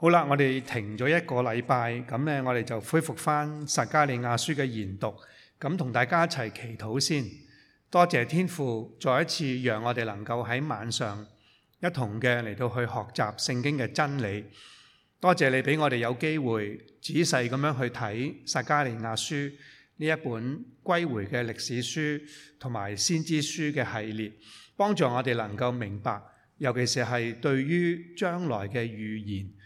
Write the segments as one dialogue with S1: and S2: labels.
S1: 好啦，我哋停咗一個禮拜，咁咧我哋就恢復返《撒迦利亞書》嘅研讀，咁同大家一齊祈禱先。多謝天父再一次讓我哋能夠喺晚上一同嘅嚟到去學習聖經嘅真理。多謝你俾我哋有機會仔細咁樣去睇《撒迦利亞書》呢一本歸回嘅歷史書同埋先知書嘅系列，幫助我哋能夠明白，尤其是係對於將來嘅預言。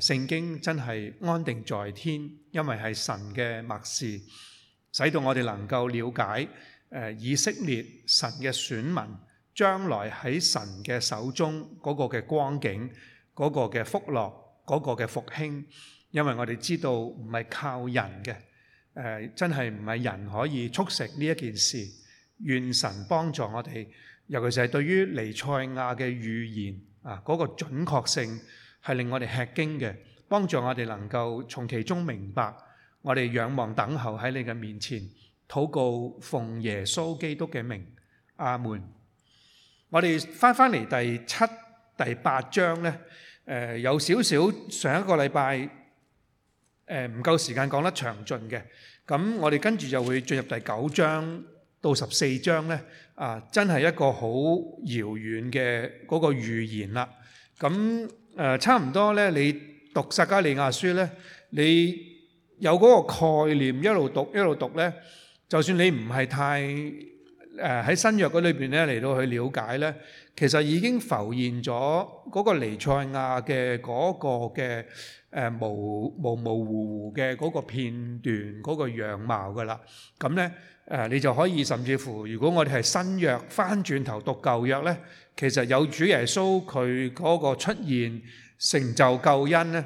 S1: 聖經真係安定在天，因為係神嘅默示，使到我哋能夠了解誒以色列神嘅選民將來喺神嘅手中嗰個嘅光景、嗰個嘅福樂、嗰個嘅復興。因為我哋知道唔係靠人嘅，誒真係唔係人可以促成呢一件事。願神幫助我哋，尤其是係對於彌賽亞嘅預言啊，嗰個準確性。係令我哋吃驚嘅，幫助我哋能夠從其中明白，我哋仰望等候喺你嘅面前，禱告奉耶穌基督嘅名，阿門。我哋翻翻嚟，第七、第八章呢，誒有少少上一個禮拜誒唔夠時間講得詳盡嘅，咁我哋跟住就會進入第九章到十四章呢，啊真係一個好遙遠嘅嗰個預言啦，咁。誒、呃、差唔多咧，你讀撒迦利亞書咧，你有嗰個概念一路讀一路讀咧，就算你唔係太誒喺、呃、新約嗰裏面咧嚟到去了解咧，其實已經浮現咗嗰個彌賽亞嘅嗰個嘅誒、呃、模模模糊糊嘅嗰個片段嗰、嗰個樣貌㗎喇。咁咧、呃、你就可以甚至乎，如果我哋係新約返轉頭讀舊約咧。其實有主耶穌佢嗰個出現成就救恩咧，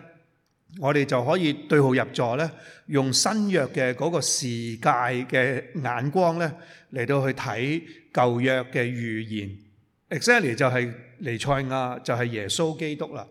S1: 我哋就可以對號入座咧，用新約嘅嗰個視界嘅眼光咧，嚟到去睇舊約嘅預言。Exactly 就係彌賽亞就係耶穌基督啦，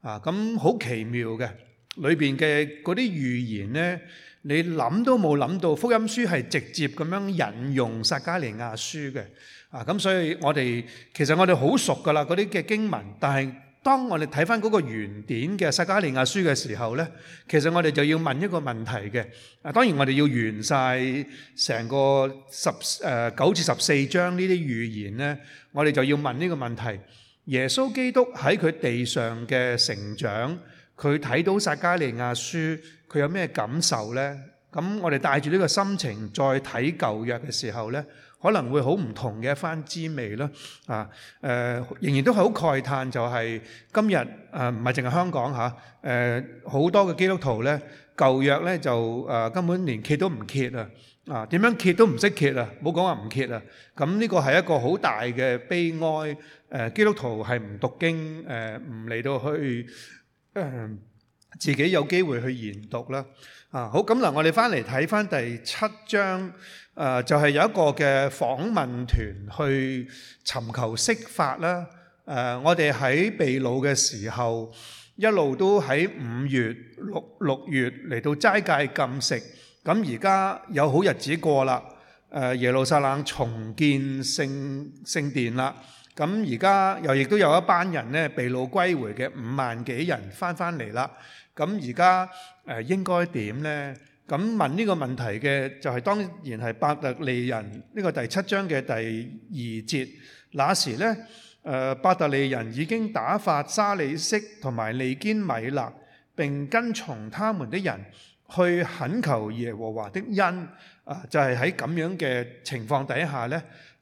S1: 啊咁好奇妙嘅，裏面嘅嗰啲預言咧，你諗都冇諗到福音書係直接咁樣引用撒迦利亞書嘅。啊，咁所以我哋其實我哋好熟噶啦，嗰啲嘅經文。但係當我哋睇翻嗰個原典嘅撒迦利亞書嘅時候呢，其實我哋就要問一個問題嘅。啊，當然我哋要完曬成個十誒九至十四章呢啲預言呢，我哋就要問呢個問題：耶穌基督喺佢地上嘅成長，佢睇到撒迦利亞書，佢有咩感受呢？咁我哋帶住呢個心情再睇舊約嘅時候呢。可能會好唔同嘅一番滋味咯，啊，誒仍然都係好慨嘆，就係今日誒唔係淨係香港嚇，誒好多嘅基督徒咧，舊約咧就誒根本連揭都唔揭啊，啊點樣揭都唔識揭啊，冇講話唔揭啊，咁呢個係一個好大嘅悲哀，誒基督徒係唔讀經，誒唔嚟到去自己有機會去研讀啦。啊，好咁嗱，我哋翻嚟睇翻第七章，呃、就係、是、有一個嘅訪問團去尋求釋法啦、呃。我哋喺被擄嘅時候，一路都喺五月、六六月嚟到齋戒禁食。咁而家有好日子過啦、呃。耶路撒冷重建聖、聖殿啦。咁而家又亦都有一班人呢，被擄歸回嘅五萬幾人翻翻嚟啦。咁而家誒應該點咧？咁問呢個問題嘅就係當然係伯特利人呢個第七章嘅第二節。那時咧，誒伯特利人已經打發沙利色同埋利堅米勒並跟從他們的人去懇求耶和華的恩啊！就係喺咁樣嘅情況底下咧。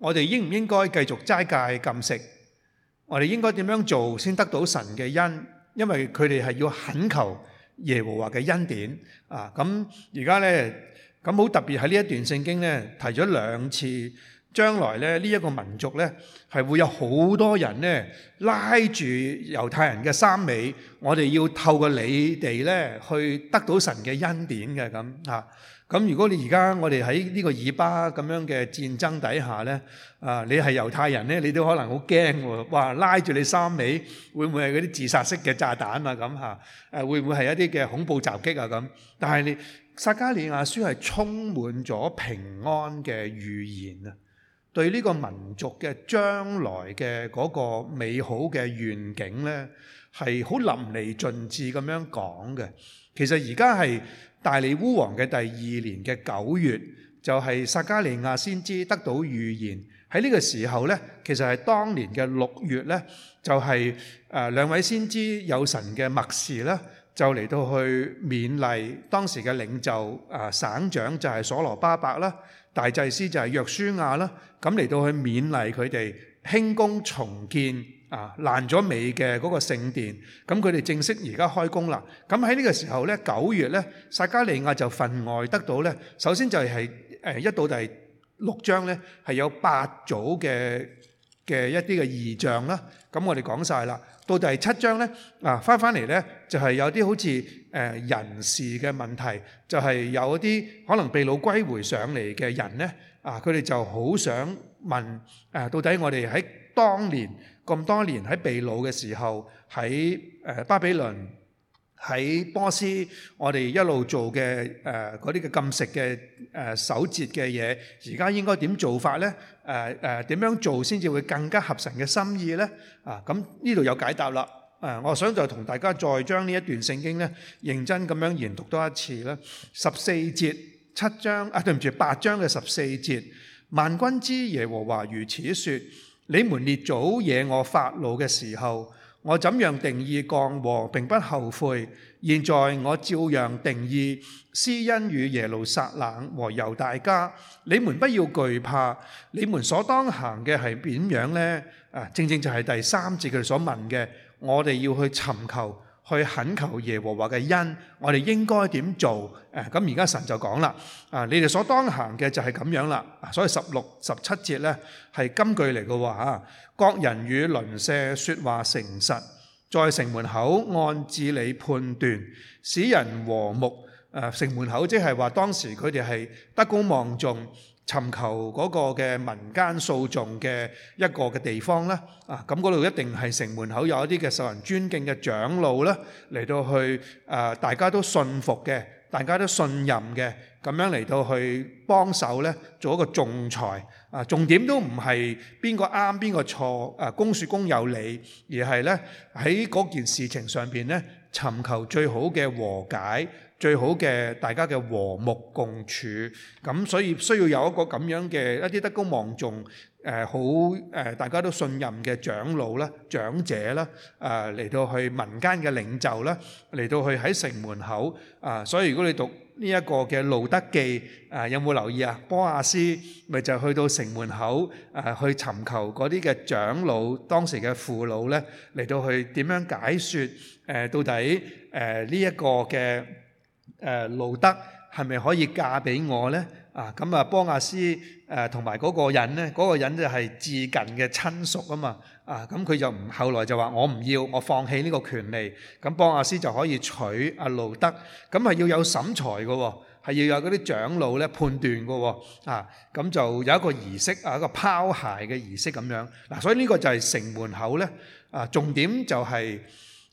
S1: 我哋應唔應該繼續齋戒禁食？我哋應該點樣做先得到神嘅恩？因為佢哋係要懇求耶和華嘅恩典啊！咁而家呢，咁、嗯、好特別喺呢一段聖經呢，提咗兩次，將來呢，呢、這、一個民族呢，係會有好多人呢，拉住猶太人嘅衫尾，我哋要透過你哋呢，去得到神嘅恩典嘅咁、嗯、啊！咁如果你而家我哋喺呢個以巴咁樣嘅戰爭底下呢，啊，你係猶太人呢，你都可能好驚喎，哇！拉住你三尾，會唔會係嗰啲自殺式嘅炸彈啊？咁嚇，誒，會唔會係一啲嘅恐怖襲擊啊？咁，但係你撒迦利亞書係充滿咗平安嘅預言啊，對呢個民族嘅將來嘅嗰個美好嘅願景呢，係好淋漓盡致咁樣講嘅。其實而家係。大利烏王嘅第二年嘅九月，就係撒迦利亞先知得到預言。喺呢個時候呢，其實係當年嘅六月呢，就係誒兩位先知有神嘅默示啦，就嚟到去勉勵當時嘅領袖啊，省長就係所羅巴伯啦，大祭司就係約書亞啦，咁嚟到去勉勵佢哋興工重建。啊！爛咗尾嘅嗰個聖殿，咁佢哋正式而家開工啦。咁喺呢個時候咧，九月咧，撒迦利亞就份外得到咧。首先就係誒一到第六章咧，係有八組嘅嘅一啲嘅異象啦。咁我哋講曬啦。到第七章咧，啊翻返嚟咧就係有啲好似誒人事嘅問題，就係有一啲可能被擄歸回上嚟嘅人咧，啊佢哋就好想問誒到底我哋喺當年。咁多年喺被擄嘅時候，喺誒巴比倫，喺波斯，我哋一路做嘅誒嗰啲嘅禁食嘅誒守節嘅嘢，而家應該點做法咧？誒誒，點樣做先至會更加合神嘅心意咧？啊，咁呢度有解答啦。誒，我想就同大家再將呢一段聖經咧，認真咁樣研讀多一次啦。十四節七章啊，對唔住，八章嘅十四節，萬軍之耶和華如此說。你們列祖惹我發怒嘅時候，我怎樣定意降禍並不後悔。現在我照樣定意施恩與耶路撒冷和猶大家。你們不要懼怕。你們所當行嘅係點樣呢？啊，正正就係第三節佢所問嘅，我哋要去尋求。去懇求耶和華嘅恩，我哋應該點做？誒咁而家神就講啦，啊你哋所當行嘅就係咁樣啦。所以十六、十七節呢，係金句嚟嘅喎嚇，各人與鄰舍説話誠實，在城門口按治理判斷，使人和睦。誒、啊、城門口即係話當時佢哋係德高望重。尋求嗰個嘅民間訴訟嘅一個嘅地方咧，啊咁嗰度一定係城門口有一啲嘅受人尊敬嘅長老咧，嚟到去啊大家都信服嘅，大家都信任嘅，咁樣嚟到去幫手咧，做一個仲裁啊，重點都唔係邊個啱邊個錯啊，公説公有理，而係咧喺嗰件事情上邊咧尋求最好嘅和解。最好嘅大家嘅和睦共處，咁所以需要有一個咁樣嘅一啲德高望重誒好誒大家都信任嘅長老啦、長者啦，啊嚟到去民間嘅領袖啦，嚟到去喺城門口啊，所以如果你讀呢一個嘅路德記啊，有冇留意啊？波亞斯咪就去到城門口啊，去尋求嗰啲嘅長老當時嘅父老咧，嚟到去點樣解說誒到底誒呢一個嘅？誒路得係咪可以嫁俾我咧？啊，咁啊，波阿斯誒同埋嗰個人咧，嗰個人就係至近嘅親屬啊嘛。啊，咁佢就唔，後來就話我唔要，我放棄呢個權利。咁波阿斯就可以娶阿路得。咁係要有審裁嘅喎，係要有嗰啲長老咧判斷嘅喎。啊，咁就有一個儀式啊，一個拋鞋嘅儀式咁樣。嗱，所以呢個就係城門口咧。啊，重點就係。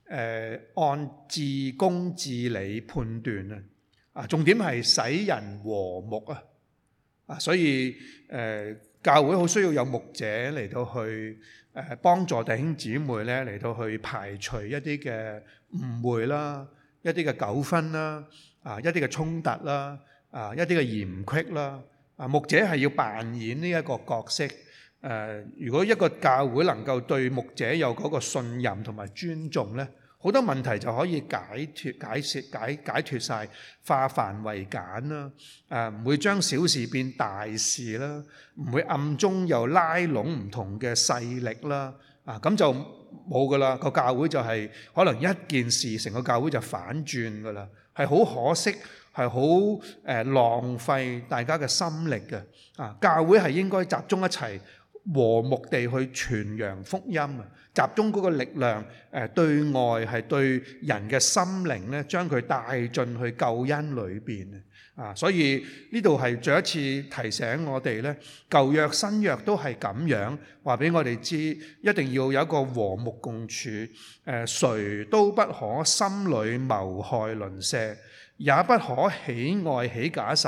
S1: 誒、呃、按自公自理判斷，啊，啊重點係使人和睦啊，啊所以誒、呃、教會好需要有牧者嚟到去誒幫、呃、助弟兄姊妹咧嚟到去排除一啲嘅誤會啦，一啲嘅糾紛啦，啊一啲嘅衝突啦，啊一啲嘅嚴隙啦，啊牧者係要扮演呢一個角色。誒，如果一個教會能夠對牧者有嗰個信任同埋尊重咧，好多問題就可以解脱、解決、解解決曬，化繁為簡啦。誒，唔會將小事變大事啦，唔會暗中又拉攏唔同嘅勢力啦。啊，咁就冇噶啦。個教會就係可能一件事，成個教會就反轉噶啦。係好可惜，係好誒浪費大家嘅心力嘅。啊，教會係應該集中一齊。和睦地去傳揚福音啊！集中嗰個力量，誒，對外係對人嘅心靈咧，將佢帶進去救恩裏邊啊！所以呢度係再一次提醒我哋咧，舊約新約都係咁樣，話俾我哋知，一定要有一個和睦共處，誒，誰都不可心裏謀害鄰舍，也不可喜愛起假誓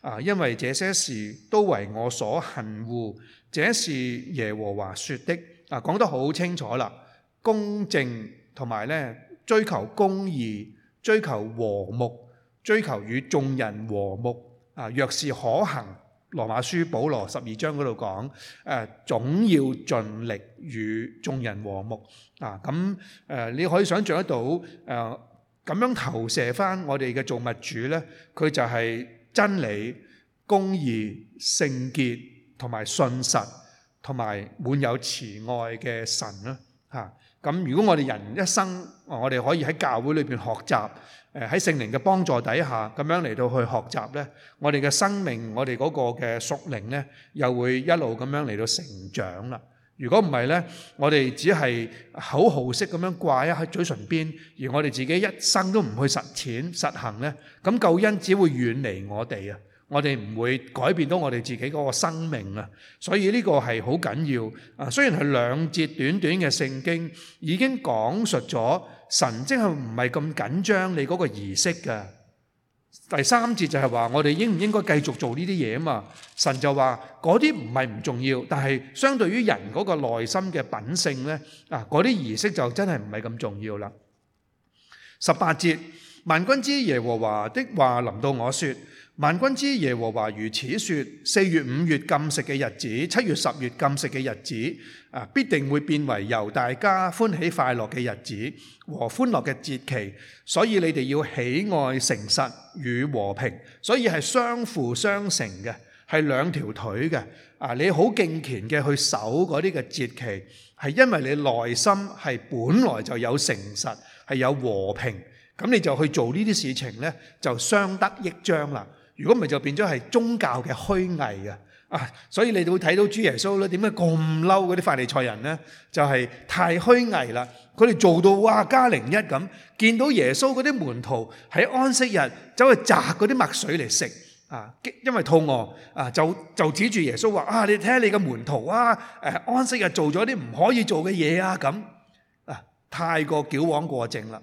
S1: 啊！因為這些事都為我所恨惡。這是耶和華說的啊，講得好清楚啦。公正同埋咧，追求公義、追求和睦、追求與眾人和睦啊。若是可行，《羅馬書》保羅十二章嗰度講，誒總要盡力與眾人和睦啊。咁誒，你可以想象得到誒咁樣投射翻我哋嘅造物主咧，佢就係真理、公義、聖潔。同埋信實，同埋滿有慈愛嘅神啦嚇。咁如果我哋人一生，我哋可以喺教會裏邊學習，誒喺聖靈嘅幫助底下咁樣嚟到去學習咧，我哋嘅生命，我哋嗰個嘅屬靈咧，又會一路咁樣嚟到成長啦。如果唔係咧，我哋只係口號式咁樣掛喺嘴唇邊，而我哋自己一生都唔去實踐、實行咧，咁救恩只會遠離我哋啊！我哋唔會改變到我哋自己嗰個生命啊，所以呢個係好緊要啊。雖然係兩節短短嘅聖經，已經講述咗神真係唔係咁緊張你嗰個儀式嘅。第三節就係話我哋應唔應該繼續做呢啲嘢啊嘛？神就話嗰啲唔係唔重要，但係相對於人嗰個內心嘅品性咧啊，嗰啲儀式就真係唔係咁重要啦。十八節，萬軍之耶和華的話臨到我說。萬軍之耶和華如此說：四月、五月禁食嘅日子，七月、十月禁食嘅日子，啊，必定會變為由大家歡喜快樂嘅日子和歡樂嘅節期。所以你哋要喜愛誠實與和平，所以係相輔相成嘅，係兩條腿嘅。啊，你好敬虔嘅去守嗰啲嘅節期，係因為你內心係本來就有誠實，係有和平，咁你就去做呢啲事情呢，就相得益彰啦。如果唔係就變咗係宗教嘅虛偽嘅啊，所以你會睇到主耶穌咧點解咁嬲嗰啲法利賽人咧？就係太虛偽啦！佢哋做到哇加零一咁，見到耶穌嗰啲門徒喺安息日走去摘嗰啲麥穗嚟食啊，因為肚餓啊，就就指住耶穌話啊，你睇下你嘅門徒啊，誒安息日做咗啲唔可以做嘅嘢啊咁啊，太過矯枉過正啦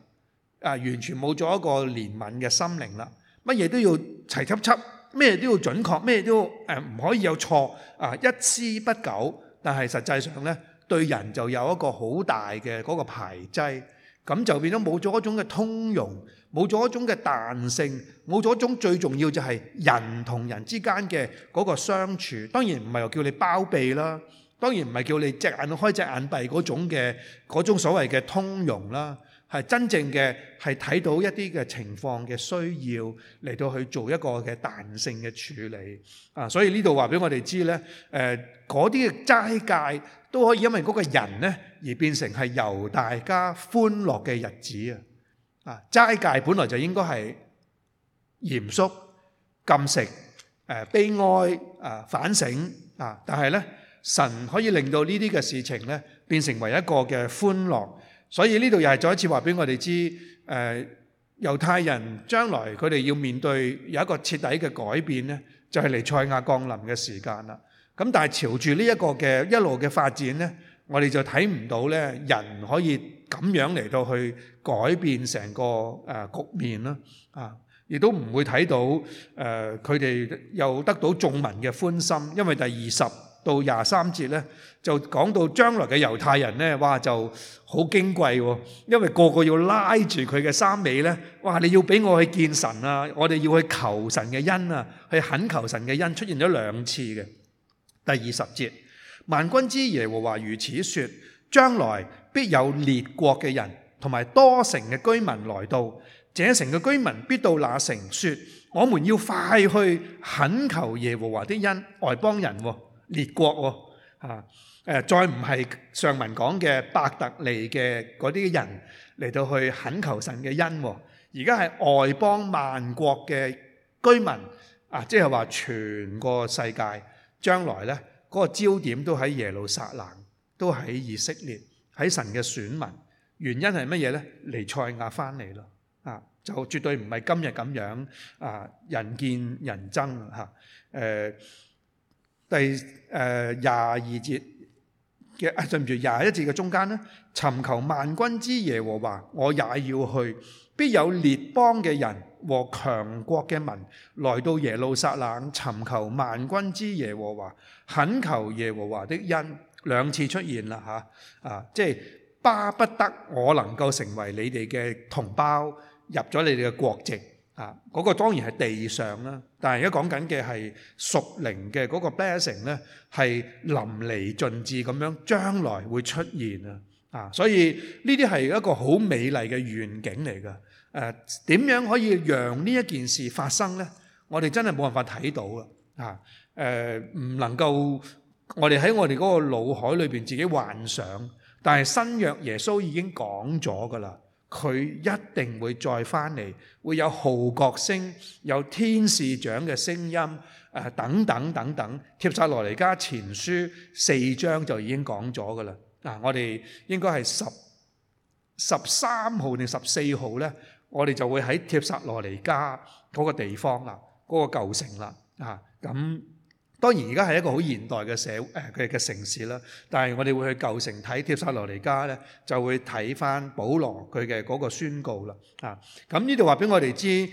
S1: 啊，完全冇咗一個憐憫嘅心靈啦。乜嘢都要齊齊乜，咩都要準確，咩都誒唔可以有錯啊！一絲不苟，但係實際上咧，對人就有一個好大嘅嗰個排擠，咁就變咗冇咗一種嘅通融，冇咗一種嘅彈性，冇咗一種最重要就係人同人之間嘅嗰個相處。當然唔係話叫你包庇啦，當然唔係叫你隻眼開隻眼閉嗰種嘅嗰種所謂嘅通融啦。係真正嘅係睇到一啲嘅情況嘅需要嚟到去做一個嘅彈性嘅處理啊！所以呢度話俾我哋知呢，呃、嗰啲齋戒都可以因為嗰個人呢，而變成係由大家歡樂嘅日子啊！啊，齋戒本來就應該係嚴肅禁食、呃、悲哀啊、呃、反省啊，但係呢，神可以令到呢啲嘅事情呢，變成為一個嘅歡樂。所以呢度又係再一次話俾我哋知，誒、呃、猶太人將來佢哋要面對有一個徹底嘅改變呢就係、是、嚟賽亞降臨嘅時間啦。咁但係朝住呢一個嘅一路嘅發展呢我哋就睇唔到呢人可以咁樣嚟到去改變成個、呃、局面啦。啊，亦都唔會睇到誒佢哋又得到眾民嘅歡心，因為第二十，到廿三節咧，就講到將來嘅猶太人咧，哇就好矜貴喎，因為個個要拉住佢嘅衫尾咧，哇！你要俾我去見神啊，我哋要去求神嘅恩啊，去懇求神嘅恩。出現咗兩次嘅。第二十節，萬軍之耶和華如此說：將來必有列國嘅人同埋多城嘅居民來到，這城嘅居民，必到那城說：我們要快去懇求耶和華的恩，外邦人喎、哦。列國喎、啊，嚇再唔係上文講嘅伯特利嘅嗰啲人嚟到去懇求神嘅恩，啊，而家係外邦萬國嘅居民啊，即係話全個世界將來呢嗰，嗰個焦點都喺耶路撒冷，都喺以色列，喺神嘅選民。原因係乜嘢呢？彌賽亞翻嚟咯，啊，就絕對唔係今日咁樣啊，人見人憎嚇誒。啊呃第誒廿二節嘅，對唔住廿一節嘅中間呢，尋求萬軍之耶和華，我也要去。必有列邦嘅人和強國嘅民來到耶路撒冷尋求萬軍之耶和華，懇求耶和華的恩。兩次出現啦嚇，啊，即係巴不得我能夠成為你哋嘅同胞，入咗你哋嘅國籍。啊！嗰、嗰個當然係地上啦，但係而家講緊嘅係屬靈嘅嗰個 blessing 咧，係淋漓盡致咁樣將來會出現啊！啊，所以呢啲係一個好美麗嘅願景嚟㗎。誒、啊、點樣可以讓呢一件事發生咧？我哋真係冇辦法睇到啊！唔、呃、唔能夠我哋喺我哋嗰個腦海裏面自己幻想，但係新約耶穌已經講咗㗎啦。佢一定會再翻嚟，會有號角聲，有天使長嘅聲音、呃，等等等等。帖撒羅尼迦前書四章就已經講咗噶啦。嗱、啊，我哋應該係十十三號定十四號呢，我哋就會喺帖撒羅尼迦嗰個地方、那個、啊，嗰個舊城啦，咁。當然而家係一個好現代嘅社誒嘅嘅城市啦，但係我哋會去舊城睇帖撒羅尼加咧，就會睇返保羅佢嘅嗰個宣告啦。啊，咁呢度話俾我哋知誒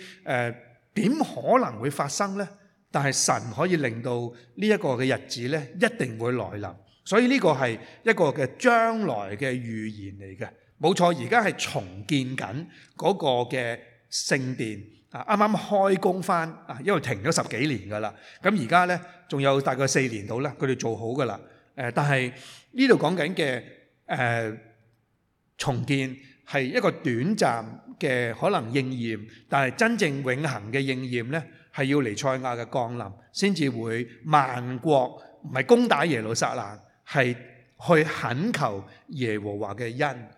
S1: 點可能會發生咧？但係神可以令到呢一個嘅日子咧，一定會來臨。所以呢個係一個嘅將來嘅預言嚟嘅，冇錯。而家係重建緊嗰個嘅聖殿啊，啱啱開工翻啊，因為停咗十幾年㗎啦。咁而家咧仲有大概四年到啦，佢哋做好㗎啦。誒，但係呢度講緊嘅誒重建係一個短暫嘅可能應驗，但係真正永恆嘅應驗咧，係要彌賽亞嘅降臨先至會，萬國唔係攻打耶路撒冷，係去懇求耶和華嘅恩。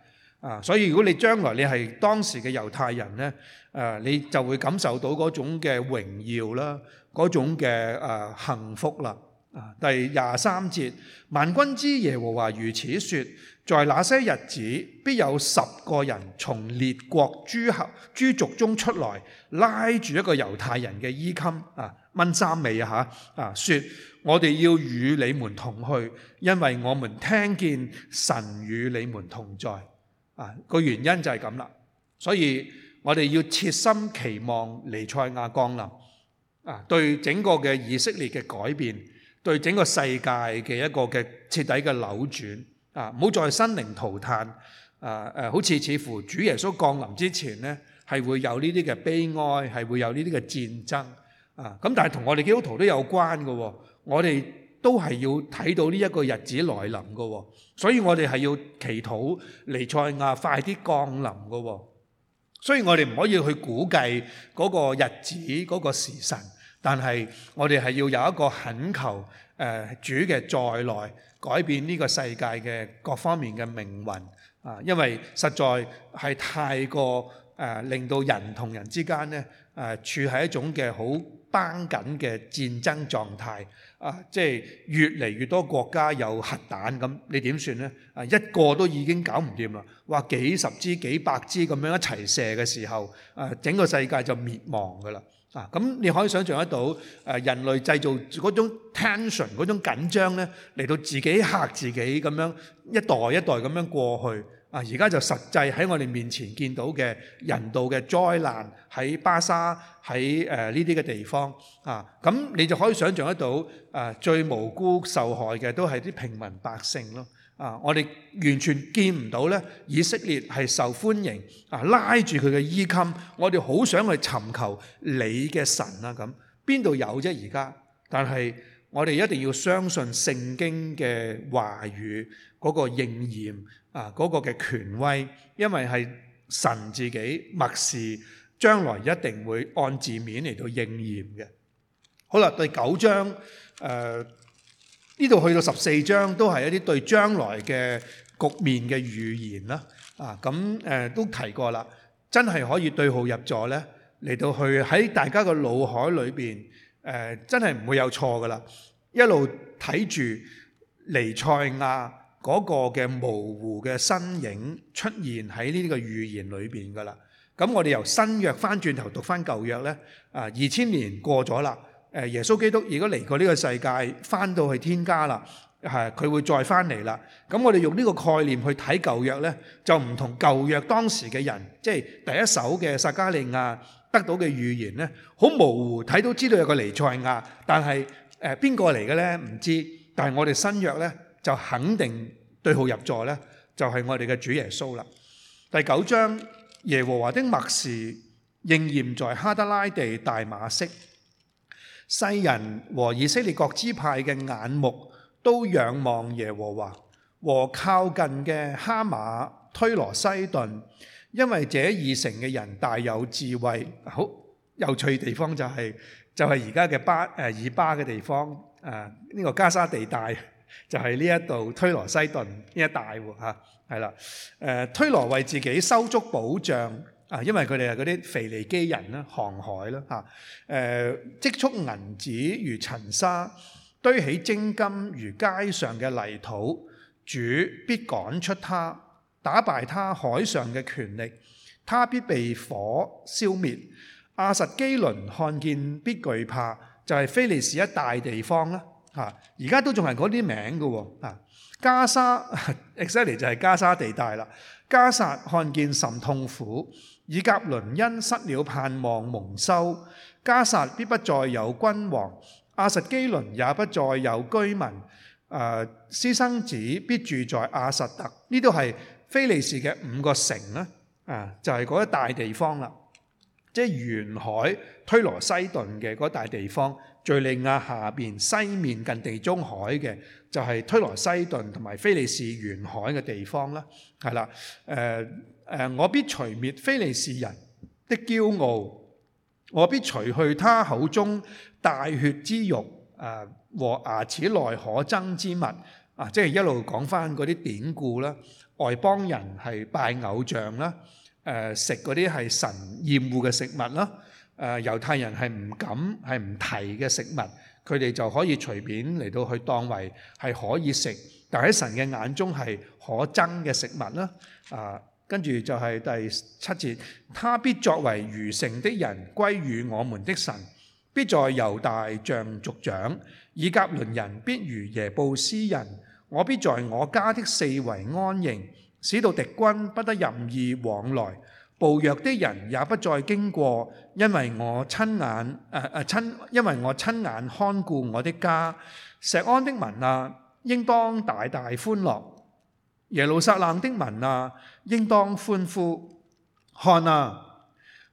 S1: 啊！所以如果你將來你係當時嘅猶太人呢，誒、啊，你就會感受到嗰種嘅榮耀啦，嗰種嘅誒、啊、幸福啦、啊。第廿三節，萬軍之耶和華如此說：在那些日子，必有十個人從列國諸侯諸族中出來，拉住一個猶太人嘅衣襟啊，掹衫尾啊嚇啊，說：我哋要與你們同去，因為我們聽見神與你們同在。啊，個原因就係咁啦，所以我哋要切心期望尼賽亞降臨啊，對整個嘅以色列嘅改變，對整個世界嘅一個嘅徹底嘅扭轉，啊，唔好再生靈塗炭，啊，誒，好似似乎主耶穌降臨之前呢，係會有呢啲嘅悲哀，係會有呢啲嘅戰爭，啊，咁但係同我哋基督徒都有關嘅喎，我哋。都係要睇到呢一個日子來臨㗎喎，所以我哋係要祈禱彌賽亞快啲降臨㗎喎。所以我哋唔可以去估計嗰個日子嗰個時辰，但係我哋係要有一個懇求誒主嘅再來改變呢個世界嘅各方面嘅命運啊！因為實在係太過誒令到人同人之間咧誒處喺一種嘅好繃緊嘅戰爭狀態。啊！即係越嚟越多國家有核彈咁，你點算呢？啊，一個都已經搞唔掂啦！話幾十支、幾百支咁樣一齊射嘅時候，啊，整個世界就滅亡噶啦！啊，咁你可以想象得到，誒，人類製造嗰種 tension、嗰種緊張呢，嚟到自己嚇自己咁樣一代一代咁樣過去。啊！而家就實際喺我哋面前見到嘅人道嘅災難，喺巴沙喺呢啲嘅地方啊，咁你就可以想像得到啊！最無辜受害嘅都係啲平民百姓咯啊！我哋完全見唔到呢，以色列係受歡迎啊，拉住佢嘅衣襟，我哋好想去尋求你嘅神啊！咁邊度有啫？而家，但係我哋一定要相信聖經嘅話語。嗰個應驗啊，嗰、嗰個嘅權威，因為係神自己默示，將來一定會按字面嚟到應驗嘅。好啦，第九章呢度、呃、去到十四章，都係一啲對將來嘅局面嘅預言啦。啊，咁、嗯呃、都提過啦，真係可以對號入座呢。嚟到去喺大家嘅腦海裏面，呃、真係唔會有錯噶啦。一路睇住尼賽亞。嗰個嘅模糊嘅身影出現喺呢啲個預言裏邊㗎啦。咁我哋由新約翻轉頭讀翻舊約咧，啊二千年過咗啦，誒耶穌基督如果嚟過呢個世界，翻到去天家啦，係佢會再翻嚟啦。咁我哋用呢個概念去睇舊約咧，就唔同舊約當時嘅人，即係第一手嘅撒迦利亞得到嘅預言咧，好模糊睇到知道有個彌賽亞，但係誒邊個嚟嘅咧唔知。但係我哋新約咧。就肯定對號入座咧，就係我哋嘅主耶穌啦。第九章，耶和華的默示應驗在哈德拉地大馬色。世人和以色列各支派嘅眼目都仰望耶和華和靠近嘅哈馬推羅西頓，因為這二城嘅人大有智慧好。好有趣的地方就係、是、就係而家嘅巴、誒、呃、以巴嘅地方，誒、呃、呢、這個加沙地帶。就係呢一度推羅西頓呢一帶係啦，推羅為自己收足保障，啊，因為佢哋係嗰啲腓尼基人啦，航海啦嚇，誒、積蓄銀子如塵沙，堆起精金如街上嘅泥土，主必趕出他，打敗他海上嘅權力，他必被火消滅。亞實基倫看見必懼怕，就係、是、非利士一大地方啦。嚇！而家都仲係嗰啲名嘅喎。加沙 exactly 就係加沙地帶啦。加沙看見甚痛苦，以甲倫因失了盼望蒙羞。加沙必不再有君王，亞實基倫也不再有居民。誒、呃，私生子必住在亞實特。呢度係非利士嘅五個城呢啊，就係、是、嗰一大地方啦，即、就、係、是、沿海推羅西頓嘅嗰大地方。敘利亞下面西面近地中海嘅就係、是、推羅西頓同埋菲利士沿海嘅地方啦，係啦，誒、呃呃、我必除滅菲利士人的驕傲，我必除去他口中帶血之肉，誒、啊、和牙齒內可憎之物，啊，即係一路講返嗰啲典故啦，外邦人係拜偶像啦，誒、啊、食嗰啲係神厭惡嘅食物啦。誒、猶太人係唔敢係唔提嘅食物，佢哋就可以隨便嚟到去當為係可以食，但喺神嘅眼中係可憎嘅食物啦。啊，跟住就係第七節，他必作為餘剩的人歸與我們的神，必在猶大像族長，以加倫人必如耶布斯人，我必在我家的四圍安營，使到敵軍不得任意往來。暴虐的人也不再經過，因為我親眼、呃、親，因為我親眼看顧我的家。錫安的民啊，應當大大歡樂；耶路撒冷的民啊，應當歡呼。看啊，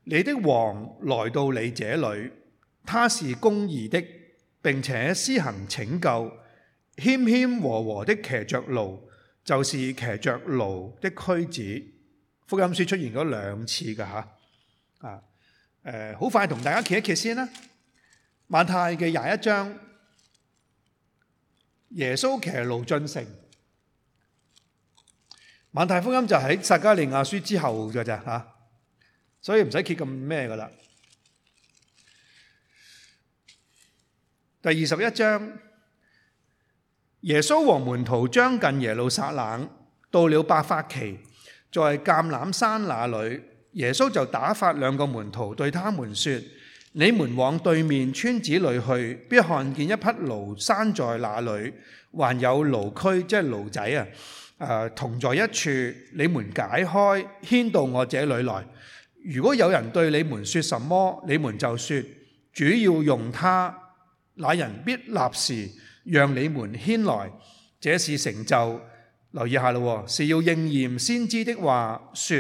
S1: 你的王來到你這裏，他是公義的，並且施行拯救。謙謙和和的騎着驢，就是騎着驢的駒子。福音書出現咗兩次㗎吓，啊、誒，好快同大家揭一揭先啦。馬太嘅廿一章，耶穌騎驢進城。馬太福音就喺撒迦利亞書之後㗎咋吓，所以唔使揭咁咩㗎喇。第二十一章，耶穌和門徒將近耶路撒冷，到了伯法其。在橄欖山那裏，耶穌就打發兩個門徒，對他們說：你們往對面村子裏去，必看見一匹驢拴在那裏，還有驢駒，即係驢仔啊！同在一處，你們解開，牽到我這裡來。如果有人對你們說什麼，你們就說主要用他，那人必立時，讓你們牽來。這是成就。留意下咯，是要應驗先知的話，說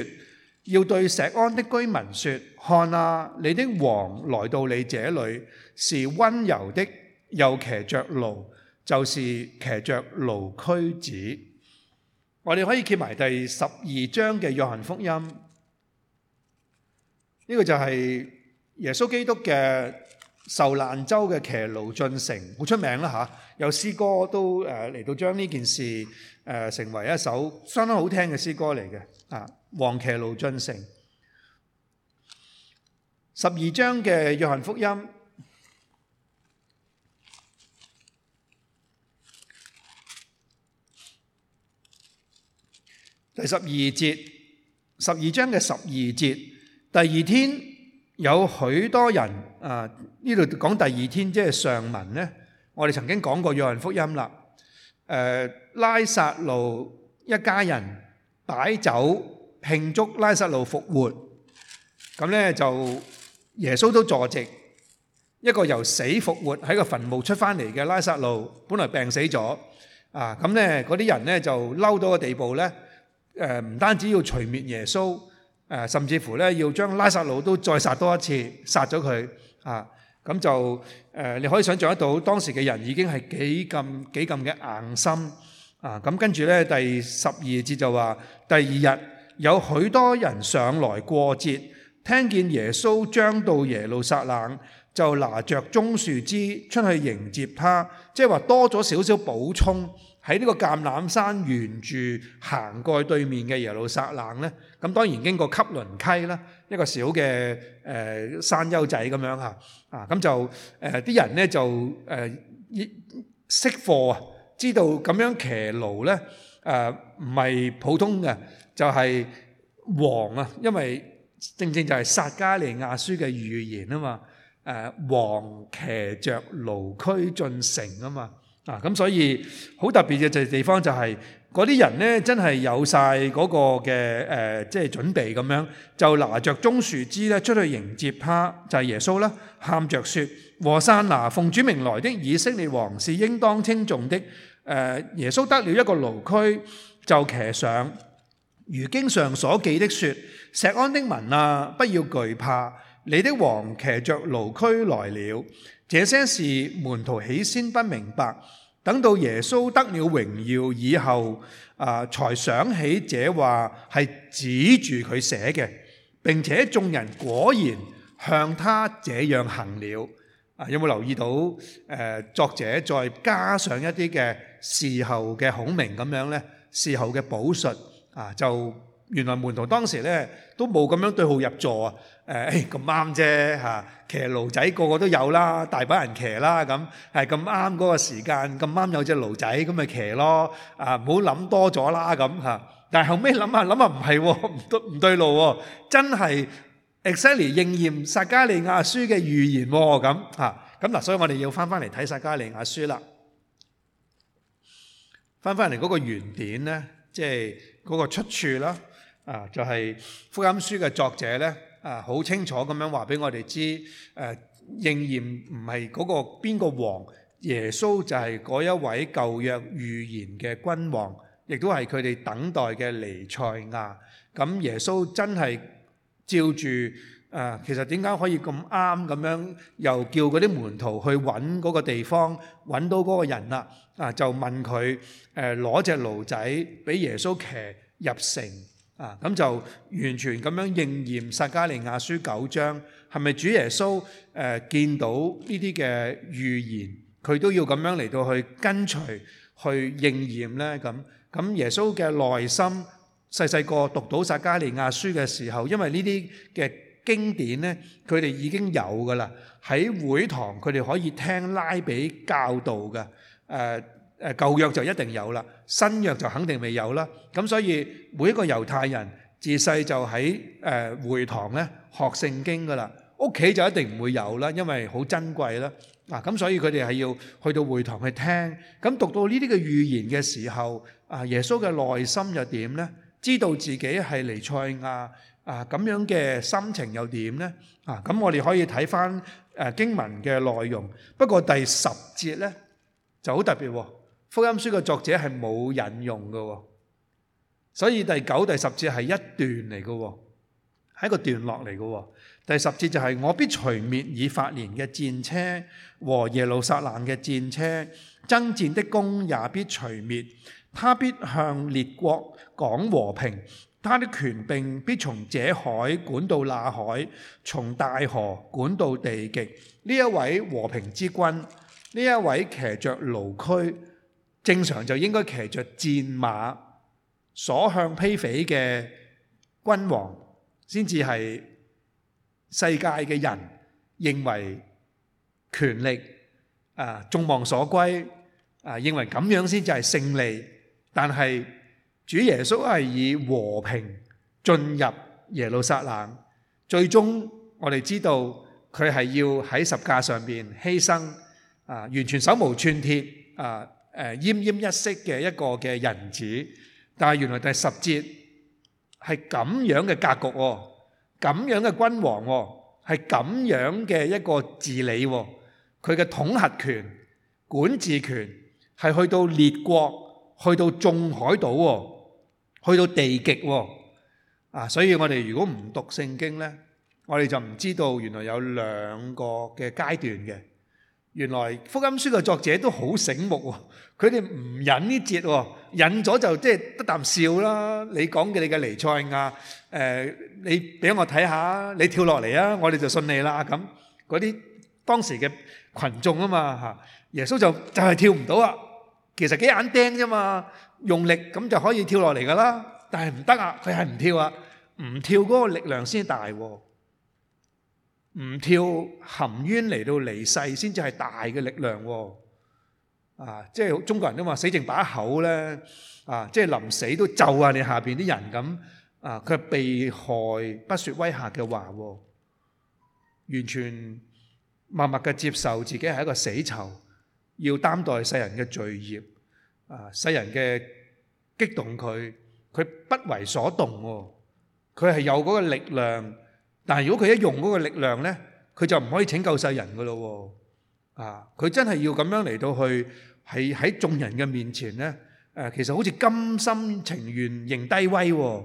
S1: 要對石安的居民說：看啊，你的王來到你這裡，是溫柔的，又騎著驢，就是騎著驢駒子。我哋可以揭埋第十二章嘅約翰福音，呢、這個就係耶穌基督嘅受難週嘅騎驢進城，好出名啦嚇。有詩歌都嚟到將呢件事。誒成為一首相當好聽嘅詩歌嚟嘅啊！王騎驢進城，十二章嘅約翰福音第十二節，十二章嘅十二節。第二天有許多人啊，呢度講第二天即係上文咧，我哋曾經講過約翰福音啦。誒拉撒路一家人擺酒慶祝拉撒路復活，咁咧就耶穌都坐席，一個由死復活喺個墳墓出翻嚟嘅拉撒路，本來病死咗啊！咁咧嗰啲人咧就嬲到個地步咧，誒唔單止要除滅耶穌，誒甚至乎咧要將拉撒路都再殺多一次，殺咗佢啊！咁就誒，你可以想象得到當時嘅人已經係幾咁幾咁嘅硬心啊！咁跟住咧，第十二節就話：第二日有許多人上來過節，聽見耶穌將到耶路撒冷，就拿着棕樹枝出去迎接他，即係話多咗少少補充。喺呢個橄欖山沿住行過對面嘅耶路撒冷咧，咁當然經過汲淪溪啦，一個小嘅誒、呃、山丘仔咁樣嚇，啊咁、嗯、就誒啲、呃、人咧就誒識貨啊，知道咁樣騎驢咧誒唔係普通嘅，就係王啊，因為正正就係撒迦利亞書嘅預言啊嘛，誒王騎着驢驅進城啊嘛。啊，咁所以好特別嘅就地方就係嗰啲人呢，真係有晒嗰個嘅、呃、即係準備咁樣，就拿着棕樹枝咧出去迎接他，就係、是、耶穌啦。喊着「說：和散那」，奉主名來的以色列王是應當稱頌的、呃。耶穌得了一個驢駒就騎上，如經上所記的說錫安的民」啊，不要懼怕，你的王騎着驢駒來了。這些事，門徒起先不明白，等到耶穌得了榮耀以後，啊，才想起這話，係指住佢寫的，並且眾人果然向他這樣行了。啊，有冇留意到，作者再加上一些事後的孔明噉樣呢，事後的補述，啊，就原來門徒當時咧都冇咁樣對號入座啊！誒，咁啱啫嚇，騎驢仔個個都有啦，大把人騎啦咁，係咁啱嗰個時間，咁啱有隻驢仔咁咪騎咯啊！唔好諗多咗啦咁嚇。但係後尾諗下諗下唔係喎，唔對唔對路喎，真係 exactly 應驗撒迦利亞書嘅預言喎咁嚇。咁嗱，所以我哋要翻翻嚟睇撒迦利亞書啦，翻翻嚟嗰個原點咧，即係嗰個出處啦。啊，就係、是、福音書嘅作者呢，啊，好清楚咁樣話俾我哋知，誒、啊，仍然唔係嗰個邊個王，耶穌就係嗰一位舊約預言嘅君王，亦都係佢哋等待嘅彌賽亞。咁、啊、耶穌真係照住，啊，其實點解可以咁啱咁樣，又叫嗰啲門徒去揾嗰個地方，揾到嗰個人啦，啊，就問佢，誒、啊，攞隻驢仔俾耶穌騎入城。啊，咁就完全咁樣應驗撒迦利亞書九章，係咪主耶穌誒見到呢啲嘅預言，佢都要咁樣嚟到去跟隨去應驗呢？咁咁耶穌嘅內心細細個讀到撒迦利亞書嘅時候，因為呢啲嘅經典呢，佢哋已經有噶啦，喺會堂佢哋可以聽拉比教導噶誒。誒舊約就一定有啦，新約就肯定未有啦。咁所以每一個猶太人自細就喺誒會堂咧學聖經㗎啦，屋企就一定唔會有啦，因為好珍貴啦。嗱咁所以佢哋係要去到會堂去聽。咁讀到呢啲嘅預言嘅時候，啊耶穌嘅內心又點咧？知道自己係彌賽亞啊咁樣嘅心情又點咧？啊咁我哋可以睇返誒經文嘅內容。不過第十節咧就好特別喎。福音書嘅作者係冇引用嘅，所以第九、第十節係一段嚟嘅，係一個段落嚟嘅。第十節就係、是、我必除滅以法蓮嘅戰車和耶路撒冷嘅戰車，爭戰的弓也必除滅。他必向列國講和平，他的權柄必從這海管到那海，從大河管到地極。呢一位和平之君，呢一位騎著驢駒。正常就應該騎著戰馬，所向披靡嘅君王，先至係世界嘅人，認為權力啊，眾望所歸啊，認為噉樣先至係勝利，但係，主耶穌係以和平進入耶路撒冷。最終，我哋知道，佢係要喺十架上邊犧牲啊，完全手無寸鐵啊，誒，奄奄一息嘅一個嘅人子，但係原來第十節係咁樣嘅格局喎，咁樣嘅君王喎，係咁樣嘅一個治理喎，佢嘅統合權、管治權係去到列國，去到眾海島，去到地極喎。啊，所以我哋如果唔讀聖經呢，我哋就唔知道原來有兩個嘅階段嘅。原來福音書嘅作者都好醒目喎，佢哋唔忍呢節喎，忍咗就即係一啖笑啦。你講嘅你嘅彌賽亞，誒你俾我睇下，你跳落嚟啊，我哋就信你啦咁。嗰啲當時嘅羣眾啊嘛嚇，耶穌就就係跳唔到啊。其實幾眼釘啫嘛，用力咁就可以跳落嚟㗎啦。但係唔得啊，佢係唔跳啊，唔跳嗰個力量先大喎。唔跳含冤嚟到離世，先至係大嘅力量喎。啊，即係中國人都話，死剩把口咧。啊，即係臨死都咒啊你下邊啲人咁。啊，佢係被害，不說威嚇嘅話喎。完全默默嘅接受自己係一個死囚，要擔待世人嘅罪孽。啊，世人嘅激動佢，佢不為所動喎。佢係有嗰個力量。但係如果佢一用嗰個力量呢，佢就唔可以拯救世人噶咯喎！啊，佢真係要咁樣嚟到去，係喺眾人嘅面前呢，誒，其實好似甘心情願認低威喎！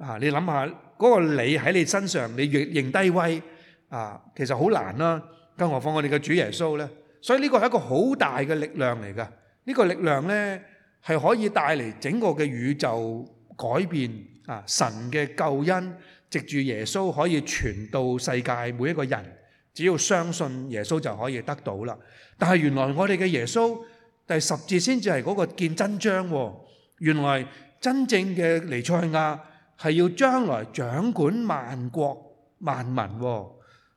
S1: 啊，你諗下嗰個你喺你身上，你越認低威啊，其實好難啦，啊，更何況我哋嘅主耶穌呢？所以呢個係一個好大嘅力量嚟噶。呢、呢個力量呢，係可以帶嚟整個嘅宇宙改變啊！神嘅救恩。藉住耶穌可以傳到世界每一個人，只要相信耶穌就可以得到啦。但係原來我哋嘅耶穌，第十字先至係嗰個見真章喎。原來真正嘅彌賽亞係要將來掌管萬國萬民喎。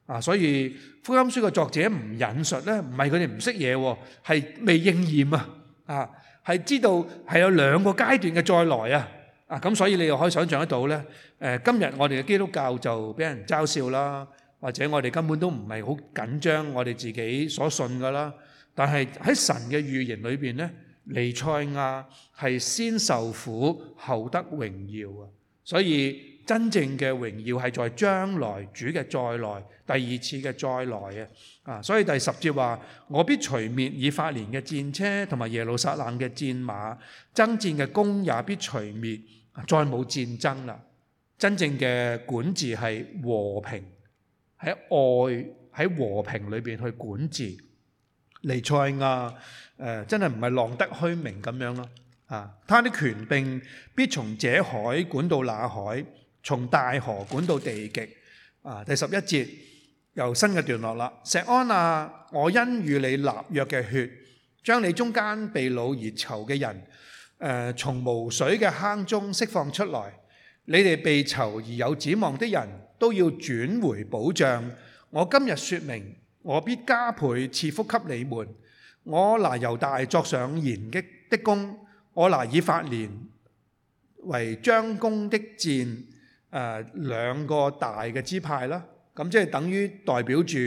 S1: 啊，所以福音書嘅作者唔引述呢，唔係佢哋唔識嘢，係未應驗啊。啊，係知道係有兩個階段嘅再來啊。啊，咁所以你又可以想象得到咧？誒，今日我哋嘅基督教就俾人嘲笑啦，或者我哋根本都唔係好緊張我哋自己所信㗎啦。但係喺神嘅預言裏邊咧，尼賽亞係先受苦後得榮耀啊！所以真正嘅榮耀係在將來主嘅再來、第二次嘅再來啊！啊，所以第十節話：我必除滅以法蓮嘅戰車同埋耶路撒冷嘅戰馬，爭戰嘅弓也必除滅。再冇戰爭啦！真正嘅管治係和平，喺愛喺和平裏面去管治。彌賽亞、呃、真係唔係浪得虛名咁樣咯啊！他的權柄必從這海管到那海，從大河管到地極啊！第十一節由新嘅段落啦。錫安啊，我因與你立約嘅血，將你中間被擄而囚嘅人。誒，從、呃、無水嘅坑中釋放出來，你哋被囚而有指望的人都要轉回保障。我今日說明，我必加倍賜福給你們。我拿猶大作上弦的的弓，我拿以法蓮為張弓的箭。呃、兩兩個大嘅支派啦，咁、呃呃、即係等於代表住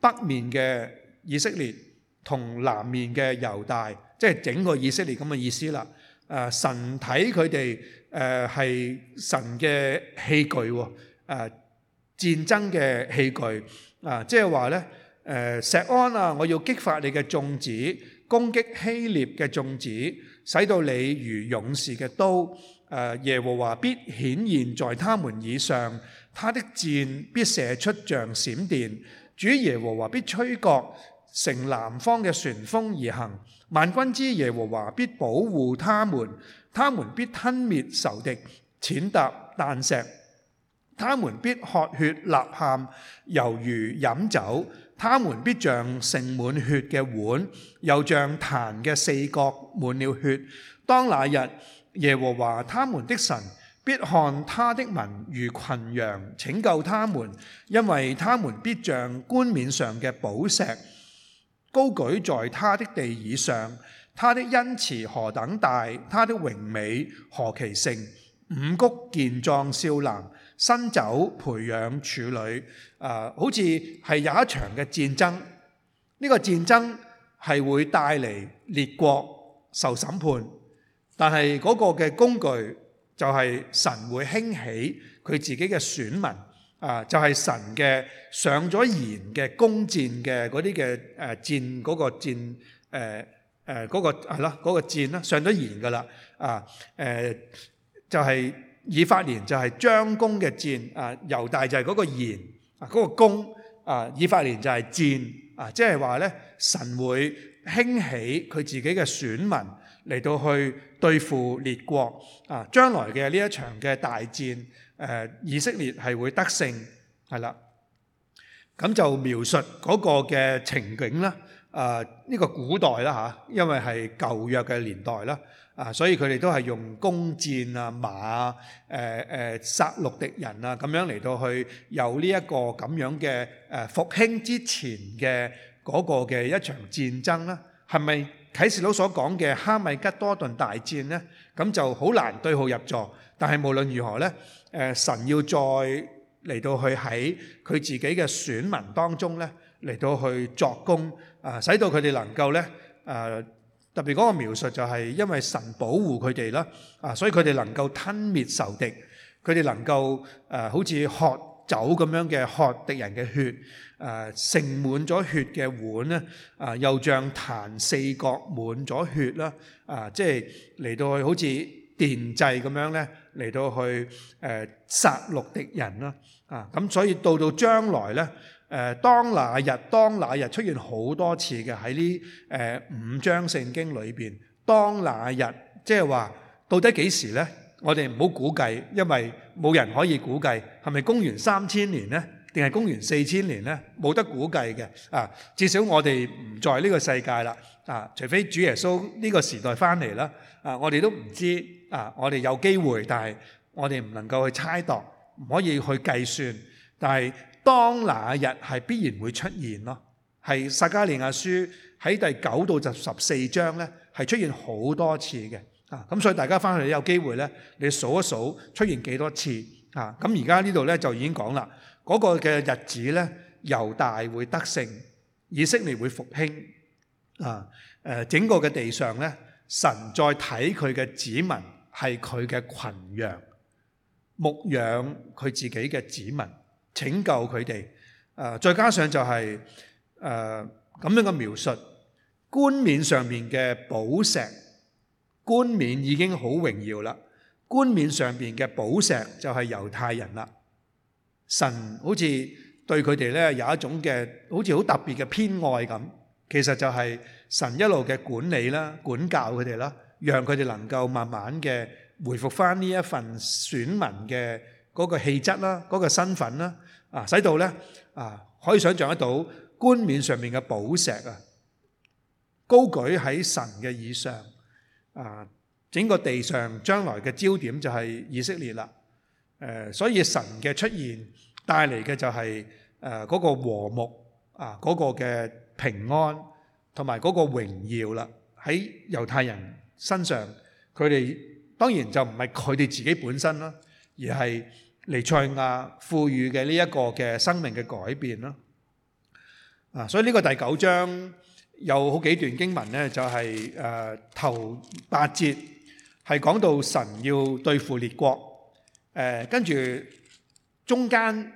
S1: 北面嘅以色列同南面嘅猶大，即係整個以色列咁嘅意思啦。誒、呃、神睇佢哋誒係神嘅器具喎，誒、呃、戰爭嘅器具，啊、呃、即係話咧誒錫安啊，我要激發你嘅眾子，攻擊希臘嘅眾子，使到你如勇士嘅刀，誒、呃、耶和華必顯現在他們以上，他的箭必射出像閃電，主耶和華必吹角，乘南方嘅旋風而行。萬軍之耶和華必保護他們，他們必吞滅仇敵，踐踏彈石，他們必喝血吶喊，猶如飲酒，他們必像盛滿血嘅碗，又像壇嘅四角滿了血。當那日，耶和華他們的神必看他的民如群羊，拯救他們，因為他們必像冠冕上嘅寶石。高舉在他的地以上，他的恩慈何等大，他的榮美何其盛。五穀健壯少男，新酒培養處女。啊，好似係有一場嘅戰爭，呢個戰爭係會帶嚟列國受審判，但係嗰個嘅工具就係神會興起佢自己嘅選民。啊，就係、是、神嘅上咗弦嘅弓箭嘅嗰啲嘅誒箭嗰、呃呃那個啊那個箭誒誒嗰個嗰個箭啦上咗弦㗎喇。啊、呃、就係、是、以法蓮就係張弓嘅箭由、啊、猶大就係嗰個弦，嗰、那個弓。啊以法蓮就係箭，即係話呢，神會興起佢自己嘅選民嚟到去對付列國啊，將來嘅呢一場嘅大戰。誒以色列係會得勝，係啦，咁就描述嗰個嘅情景啦。誒呢個古代啦嚇，因為係舊約嘅年代啦，啊，所以佢哋都係用弓箭啊、馬啊、誒誒殺戮敵人啊咁樣嚟到去有呢一個咁樣嘅誒復興之前嘅嗰個嘅一場戰爭啦。係咪啟示錄所講嘅哈米吉多頓大戰咧？咁就好難對號入座。但係無論如何咧。誒神要再嚟到去喺佢自己嘅選民當中咧，嚟到去作工啊，使到佢哋能夠咧誒，特別嗰個描述就係因為神保護佢哋啦，啊，所以佢哋能夠吞滅仇敵，佢哋能夠誒好似喝酒咁樣嘅喝敵人嘅血，誒盛滿咗血嘅碗咧，啊又像壇四角滿咗血啦，啊即係嚟到去好似。電掣咁樣咧，嚟到去誒殺戮敵人啦啊！咁所以到到將來咧，誒當那日，當那日出現好多次嘅喺呢誒五章聖經裏邊，當那日即係話到底幾時咧？我哋唔好估計，因為冇人可以估計係咪公元三千年咧，定係公元四千年咧？冇得估計嘅啊！至少我哋唔在呢個世界啦。啊！除非主耶穌呢個時代翻嚟啦，啊，我哋都唔知啊，我哋有機會，但係我哋唔能夠去猜度，唔可以去計算，但係當那一日係必然會出現咯。係撒迦利亞書喺第九到十四章呢，係出現好多次嘅。啊，咁所以大家翻去，你有機會呢，你數一數出現幾多次。啊，咁而家呢度呢，就已經講啦，嗰、那個嘅日子呢，猶大會得勝，以色列會復興。啊！誒整個嘅地上咧，神再睇佢嘅子民係佢嘅群羊，牧養佢自己嘅子民，拯救佢哋。誒，再加上就係誒咁樣嘅描述，冠冕上面嘅寶石，冠冕已經好榮耀啦。冠冕上面嘅寶石就係猶太人啦。神好似對佢哋咧有一種嘅好似好特別嘅偏愛咁。其實就係神一路嘅管理啦、管教佢哋啦，讓佢哋能夠慢慢嘅回復返呢一份選民嘅嗰個氣質啦、嗰個身份啦，啊，使到咧啊可以想像得到冠冕上面嘅寶石啊，高舉喺神嘅以上啊，整個地上將來嘅焦點就係以色列啦。誒，所以神嘅出現帶嚟嘅就係誒嗰個和睦啊，嗰個嘅，平安同埋嗰個榮耀啦，喺猶太人身上，佢哋當然就唔係佢哋自己本身啦，而係彌賽亞賦予嘅呢一個嘅生命嘅改變啦。啊，所以呢個第九章有好幾段經文呢，就係誒頭八節係講到神要對付列國，誒跟住中間。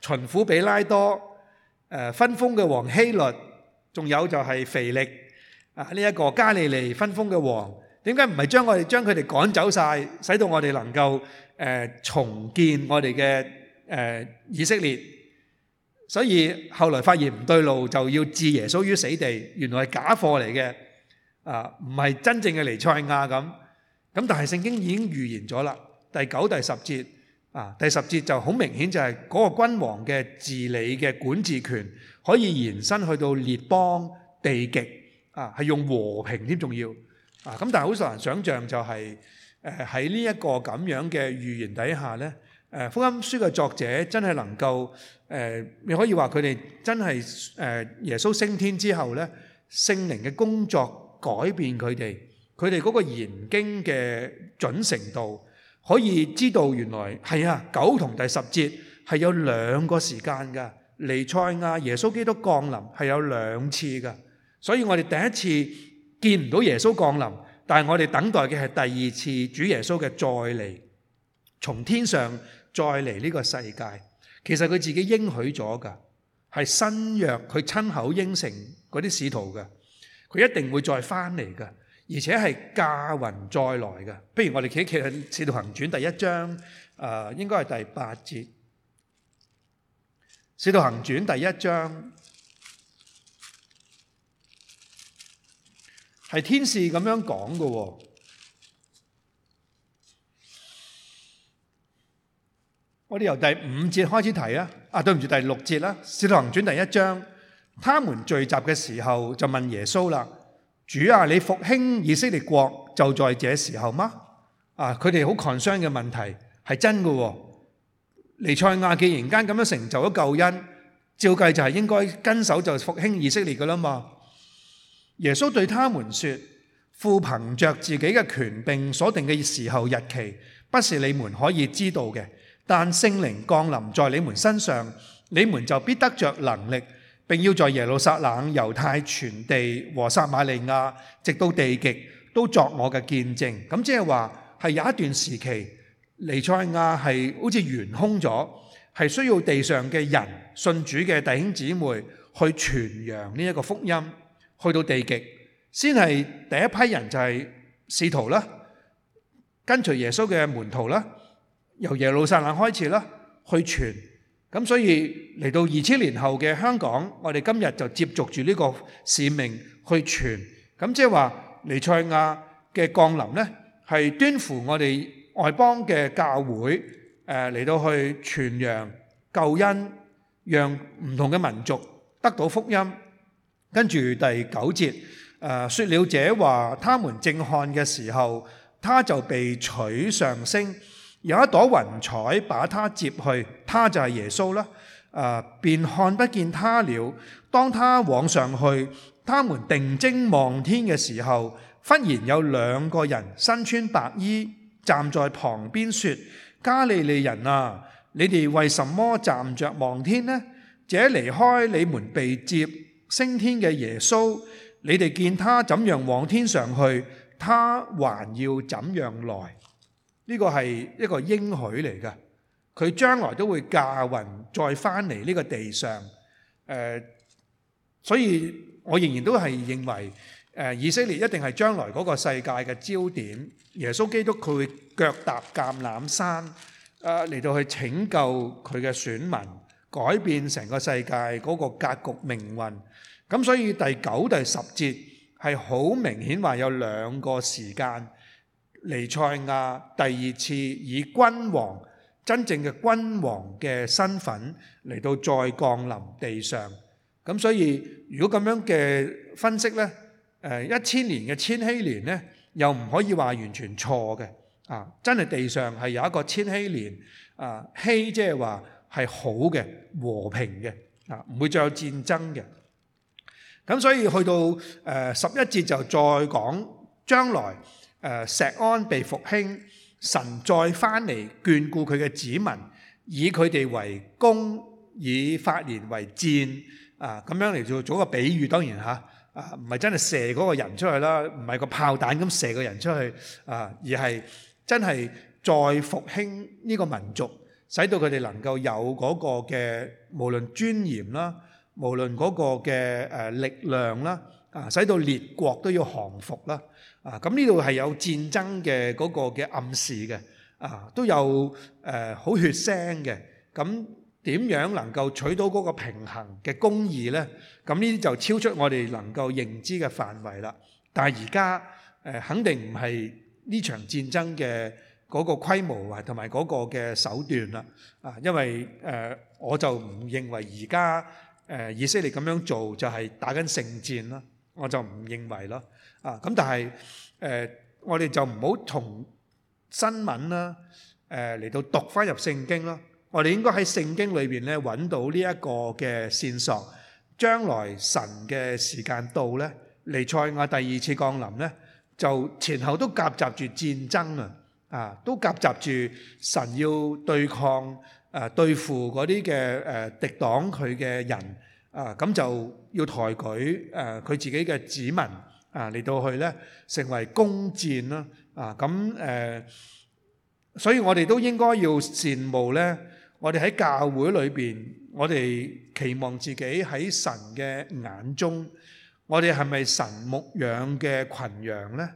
S1: 巡撫比拉多，誒分封嘅王希律，仲有就係腓力，啊呢一個加利利分封嘅王，點解唔係將我哋將佢哋趕走曬，使到我哋能夠誒重建我哋嘅誒以色列？所以後來發現唔對路，就要置耶穌於死地，原來係假貨嚟嘅，啊唔係真正嘅彌賽亞咁。咁但係聖經已經預言咗啦，第九、第十節。啊！第十節就好明顯，就係嗰個君王嘅治理嘅管治權可以延伸去到列邦地極啊，係用和平添重要啊！咁但係好難想象就係誒喺呢一個咁樣嘅預言底下咧誒、啊、福音書嘅作者真係能夠誒、呃，你可以話佢哋真係誒、呃、耶穌升天之後咧聖靈嘅工作改變佢哋，佢哋嗰個研經嘅準成度。可以知道，原來係啊，九同第十節係有兩個時間噶，尼賽亞耶穌基督降臨係有兩次噶，所以我哋第一次見唔到耶穌降臨，但係我哋等待嘅係第二次主耶穌嘅再嚟，從天上再嚟呢個世界。其實佢自己應許咗噶，係新約佢親口應承嗰啲使徒嘅，佢一定會再翻嚟嘅。而且係駕雲再來嘅，不如我哋企一企喺《使徒行傳》第一章，誒應該係第八節，《使徒行傳》第一章係天使咁樣講嘅。我哋由第五節開始睇啊，啊對唔住第六節啦，《使徒行傳》第一章，他們聚集嘅時候就問耶穌啦。主啊，你復興以色列國就在這時候嗎？啊，佢哋好 concern 嘅問題係真噶喎、啊。尼賽亞既然間咁樣成就咗救恩，照計就係應該跟手就復興以色列噶啦嘛。耶穌對他們說：父憑着自己嘅權柄所定嘅時候日期，不是你們可以知道嘅。但聖靈降臨在你們身上，你們就必得着能力。並要在耶路撒冷、猶太全地和撒瑪利亞，直到地極，都作我嘅見證。咁即係話係有一段時期，尼賽亞係好似懸空咗，係需要地上嘅人信主嘅弟兄姊妹去傳揚呢一個福音，去到地極，先係第一批人就係使徒啦，跟隨耶穌嘅門徒啦，由耶路撒冷開始啦，去傳。咁所以嚟到二千年後嘅香港，我哋今日就接續住呢個使命去傳。咁即係話彌賽亞嘅降臨呢，係端乎我哋外邦嘅教會，誒嚟到去傳揚救恩，讓唔同嘅民族得到福音。跟住第九節，誒說了這話，他們正看嘅時候，他就被取上升。有一朵雲彩把他接去，他就係耶穌啦。啊、呃，便看不見他了。當他往上去，他們定睛望天嘅時候，忽然有兩個人身穿白衣站在旁邊，說：加利利人啊，你哋為什麼站着望天呢？這離開你們被接升天嘅耶穌，你哋見他怎樣往天上去，他還要怎樣來？呢個係一個應許嚟嘅，佢將來都會駕雲再翻嚟呢個地上。誒，所以我仍然都係認為，誒以色列一定係將來嗰個世界嘅焦點。耶穌基督佢會腳踏橄欖山，誒嚟到去拯救佢嘅選民，改變成個世界嗰個格局命運。咁所以第九、第十節係好明顯話有兩個時間。尼塞亞第二次以君王真正嘅君王嘅身份嚟到再降臨地上，咁所以如果咁樣嘅分析呢，誒一千年嘅千禧年呢，又唔可以話完全錯嘅，啊真係地上係有一個千禧年，啊禧即係話係好嘅和平嘅，啊唔會再有戰爭嘅，咁所以去到誒十一節就再講將來。誒錫安被復興，神再返嚟眷顧佢嘅子民，以佢哋為弓，以以法蓮為箭，啊咁樣嚟做做一個比喻，當然嚇，啊唔係真係射嗰個人出去啦，唔係個炮彈咁射個人出去啊，而係真係再復興呢個民族，使到佢哋能夠有嗰個嘅無論尊嚴啦，無論嗰個嘅誒力量啦，啊使到列國都要降服啦。啊，咁呢度係有戰爭嘅嗰個嘅暗示嘅，啊，都有誒好血腥嘅，咁點樣能夠取到嗰個平衡嘅公義呢？咁呢啲就超出我哋能夠認知嘅範圍啦。但係而家誒肯定唔係呢場戰爭嘅嗰個規模同埋嗰個嘅手段啦。啊，因為誒我就唔認為而家誒以色列咁樣做就係打緊聖戰啦，我就唔認為咯。啊！咁但係誒，我哋就唔好從新聞啦，誒嚟到讀返入聖經咯。我哋應該喺聖經裏邊咧揾到呢一個嘅線索，將來神嘅時間到咧，彌賽亞第二次降臨咧，就前後都夾雜住戰爭啊！啊，都夾雜住神要對抗誒對付嗰啲嘅誒敵黨佢嘅人啊，咁就要抬舉誒佢自己嘅子民。啊嚟到去咧，成為攻戰啦！啊咁誒，所以我哋都應該要羨慕咧。我哋喺教會裏邊，我哋期望自己喺神嘅眼中，我哋係咪神牧養嘅羣羊咧？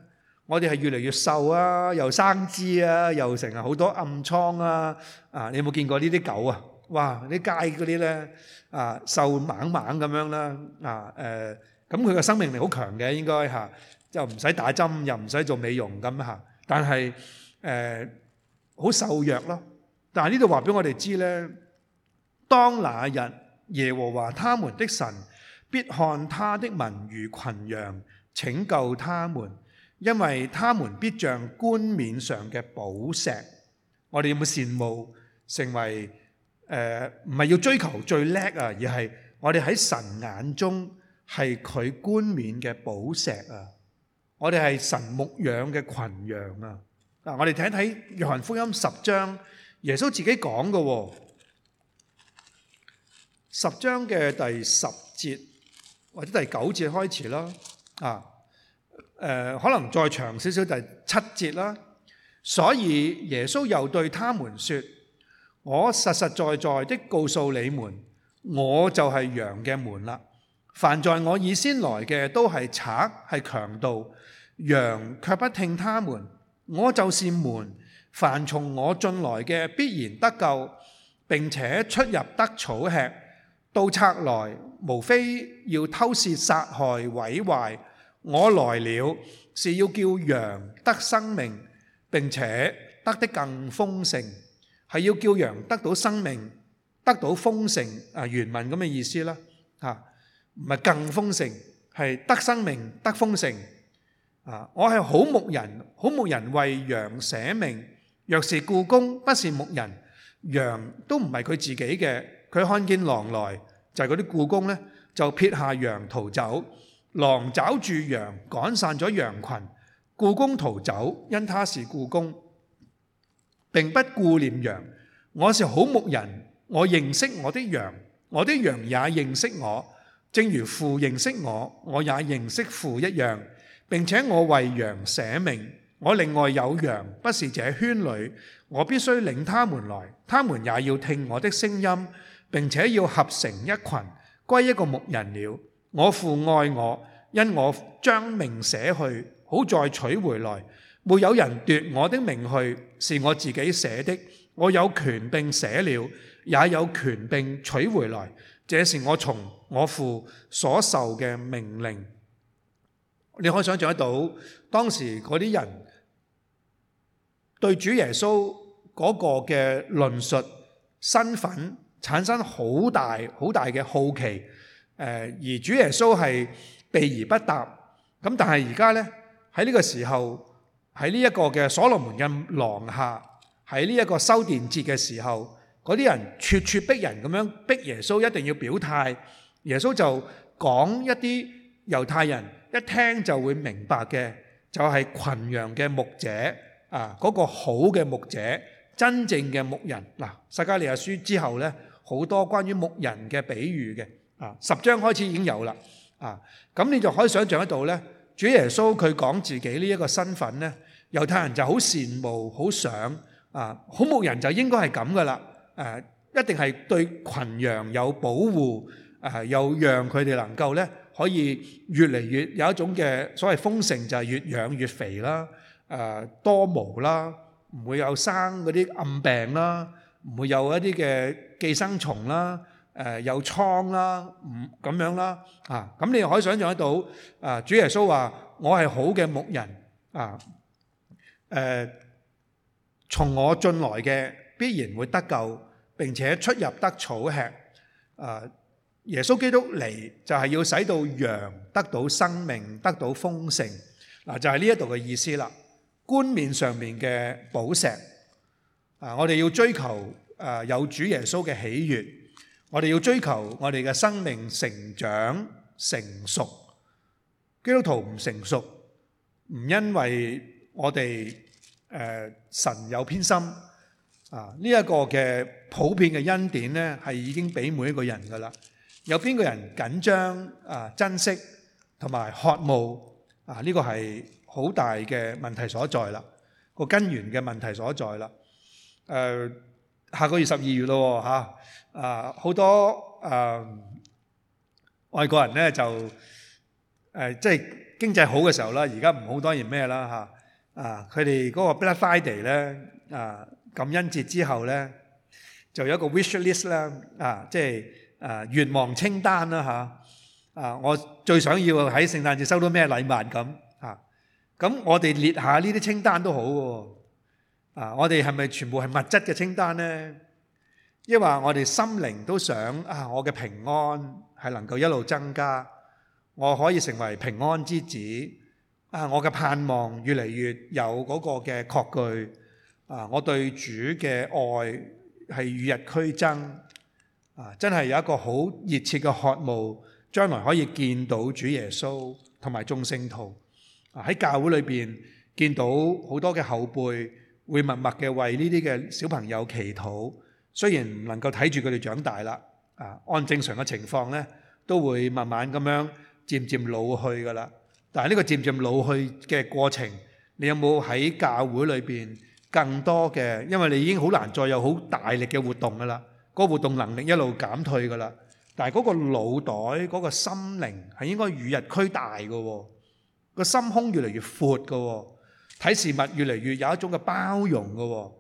S1: 我哋係越嚟越瘦啊，又生枝啊，又成日好多暗瘡啊！啊，你有冇見過呢啲狗啊？哇！啲街嗰啲咧，啊瘦猛猛咁樣啦，啊誒～咁佢嘅生命力好強嘅，應該吓又唔使打針，又唔使做美容咁吓。但係誒，好瘦弱咯。但係呢度話俾我哋知咧，當那日耶和華他們的神必看他的民如群羊，拯救他們，因為他們必像冠冕上嘅寶石。我哋有冇羨慕？成為誒，唔係要追求最叻啊，而係我哋喺神眼中。係佢冠冕嘅寶石啊！我哋係神牧養嘅群羊啊！嗱，我哋睇睇《約翰福音》十章，耶穌自己講嘅喎。十章嘅第十節或者第九節開始啦。啊，誒、呃，可能再長少少第七節啦。所以耶穌又對他們說：我實實在在的告訴你們，我就係羊嘅門啦。凡在我以先來嘅都係賊係強盜，羊卻不聽他們。我就是門，凡從我進來嘅必然得救，並且出入得草吃。盜賊來，無非要偷竊、殺害、毀壞。我來了，是要叫羊得生命，並且得的更豐盛，係要叫羊得到生命、得到豐盛啊，原文咁嘅意思啦，吓。唔係更豐盛，係得生命得豐盛啊！我係好牧人，好牧人為羊捨命。若是雇工不是牧人，羊都唔係佢自己嘅。佢看見狼來，就係嗰啲雇工咧，就撇下羊逃走。狼抓住羊，趕散咗羊羣。雇工逃走，因他是雇工並不顧念羊。我是好牧人，我認識我的羊，我的羊也認識我。正如父認識我，我也認識父一樣，並且我為羊捨命，我另外有羊，不是這圈裏，我必須領他們來，他們也要聽我的聲音，並且要合成一羣，歸一個牧人了。我父愛我，因我將命捨去，好再取回來。沒有人奪我的命去，是我自己捨的，我有權並捨了，也有權並取回來。這是我從我父所受嘅命令。你可以想象得到，當時嗰啲人對主耶穌嗰個嘅論述、身份產生好大好大嘅好奇。而主耶穌係避而不答。咁但係而家呢，喺呢個時候，喺呢一個嘅所羅門嘅廊下，喺呢一個修殿節嘅時候。嗰啲人咄咄逼人咁樣逼耶穌一定要表態，耶穌就講一啲猶太人一聽就會明白嘅，就係羣羊嘅牧者啊，嗰個好嘅牧者，真正嘅牧人嗱，撒迦利亞書之後咧，好多關於牧人嘅比喻嘅啊，十章開始已經有啦啊，咁你就可以想象得到咧，主耶穌佢講自己呢一個身份咧，猶太人就好羨慕，好想啊，好牧人就應該係咁噶啦。誒、呃、一定係對群羊有保護，誒、呃、又讓佢哋能夠咧可以越嚟越有一種嘅所謂豐盛，就係越養越肥啦，誒、呃、多毛啦，唔會有生嗰啲暗病啦，唔會有一啲嘅寄生蟲啦，誒、呃、有瘡啦，唔咁樣啦，嚇、啊、咁、嗯、你又可以想像得到，誒、呃、主耶穌話：我係好嘅牧人，啊誒從、呃、我進來嘅。必然會得救，並且出入得草吃。誒，耶穌基督嚟就係要使到羊得到生命，得到豐盛。嗱，就係呢一度嘅意思啦。冠冕上面嘅寶石，啊，我哋要追求誒有主耶穌嘅喜悅，我哋要追求我哋嘅生命成長成熟。基督徒唔成熟，唔因為我哋誒神有偏心。啊！呢一個嘅普遍嘅恩典咧，係已經俾每一個人噶啦。有邊個人緊張啊？珍惜同埋渴慕啊？呢個係好大嘅問題所在啦，個根源嘅問題所在啦。誒，下個月十二月咯嚇。啊，好多誒外國人咧就誒，即係經濟好嘅時候啦。而家唔好當然咩啦嚇。啊，佢哋嗰個 Black Friday 咧啊～感恩節之後咧，就有一個 wish list 啦，啊，即係啊願望清單啦嚇，啊我最想要喺聖誕節收到咩禮物咁嚇，咁我哋列下呢啲清單都好喎，啊我哋係咪全部係物質嘅清單咧？亦話我哋心靈都想啊，我嘅平安係能夠一路增加，我可以成為平安之子，啊我嘅盼望越嚟越有嗰個嘅確據。啊！我對主嘅愛係與日俱增，啊，真係有一個好熱切嘅渴慕，將來可以見到主耶穌同埋眾聖徒。喺教會裏邊見到好多嘅後輩，會默默嘅為呢啲嘅小朋友祈禱。雖然唔能夠睇住佢哋長大啦，啊，按正常嘅情況呢，都會慢慢咁樣漸漸老去噶啦。但係呢個漸漸老去嘅過程，你有冇喺教會裏邊？更多嘅，因為你已經好難再有好大力嘅活動㗎啦，嗰個活動能力一路減退㗎啦。但係嗰個腦袋、嗰個心靈係應該與日俱大㗎喎，個心胸越嚟越闊㗎喎，睇事物越嚟越有一種嘅包容㗎喎。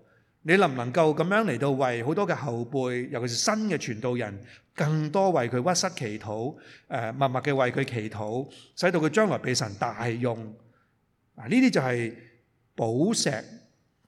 S1: 你能唔能夠咁樣嚟到為好多嘅後輩，尤其是新嘅傳道人，更多為佢屈膝祈禱，誒，默默嘅為佢祈禱，使到佢將來被神大用。嗱，呢啲就係寶石。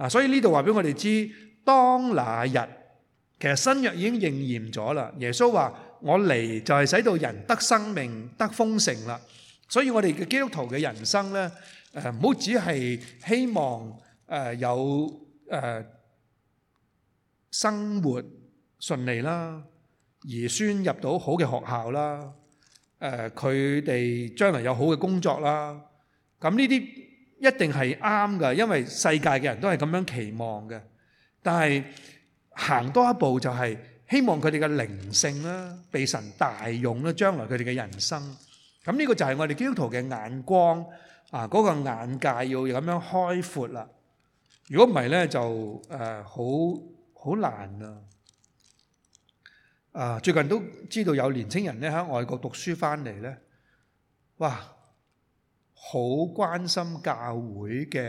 S1: 啊！所以呢度話俾我哋知，當那日其實新約已經應驗咗啦。耶穌話：我嚟就係使到人得生命、得豐盛啦。所以我哋嘅基督徒嘅人生咧，誒唔好只係希望誒有誒生活順利啦，兒孫入到好嘅學校啦，誒佢哋將來有好嘅工作啦。咁呢啲。一定係啱嘅，因為世界嘅人都係咁樣期望嘅。但係行多一步就係希望佢哋嘅靈性啦，被神大用啦，將來佢哋嘅人生。咁呢個就係我哋基督徒嘅眼光啊，嗰個眼界要咁樣開闊啦。如果唔係咧，就誒好好難啊！啊，最近都知道有年青人咧，喺外國讀書翻嚟咧，哇！好關心教會嘅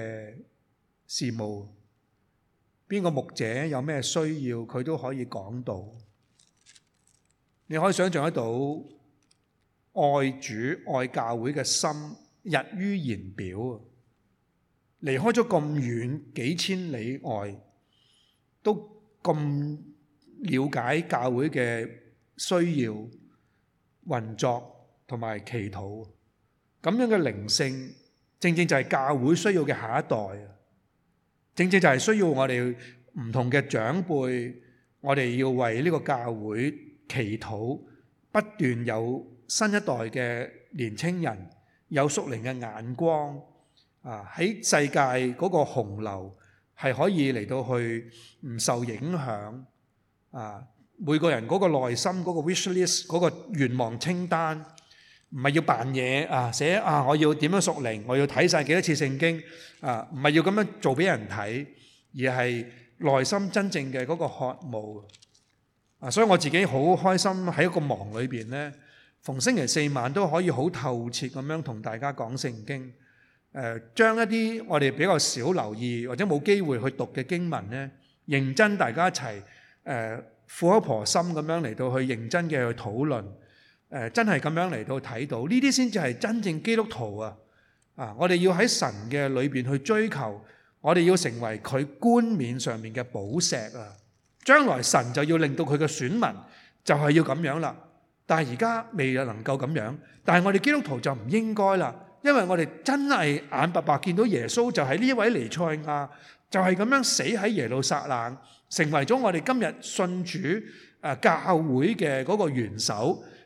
S1: 事務，邊個牧者有咩需要，佢都可以講到。你可以想象得到，愛主愛教會嘅心，溢於言表。離開咗咁遠幾千里外，都咁了解教會嘅需要、運作同埋祈禱。咁樣嘅靈性，正正就係教會需要嘅下一代啊！正正就係需要我哋唔同嘅長輩，我哋要為呢個教會祈禱，不斷有新一代嘅年青人有屬靈嘅眼光啊！喺世界嗰個洪流係可以嚟到去唔受影響啊！每個人嗰個內心嗰個 wish list 嗰個願望清單。唔係要扮嘢啊，寫啊，我要點樣熟靈，我要睇晒幾多次聖經啊？唔係要咁樣做俾人睇，而係內心真正嘅嗰個渴慕啊！所以我自己好開心喺一個忙裏邊咧，逢星期四晚都可以好透徹咁樣同大家講聖經。誒，將一啲我哋比較少留意或者冇機會去讀嘅經文咧，認真大家一齊誒，苦口婆心咁樣嚟到去認真嘅去討論。誒真係咁樣嚟到睇到呢啲先至係真正基督徒啊！啊，我哋要喺神嘅裏面去追求，我哋要成為佢冠冕上面嘅寶石啊！將來神就要令到佢嘅選民就係要咁樣啦。但係而家未能夠咁樣，但係我哋基督徒就唔應該啦，因為我哋真係眼白白見到耶穌就係呢位尼賽亞，就係、是、咁樣死喺耶路撒冷，成為咗我哋今日信主誒教會嘅嗰個元首。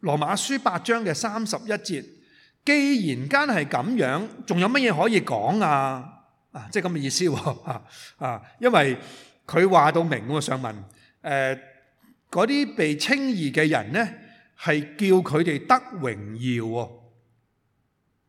S1: 羅馬書八章嘅三十一節，既然間係咁樣，仲有乜嘢可以講啊？啊，即係咁嘅意思喎。啊啊，因為佢話到明我想問誒，嗰啲、呃、被稱義嘅人呢，係叫佢哋得榮耀。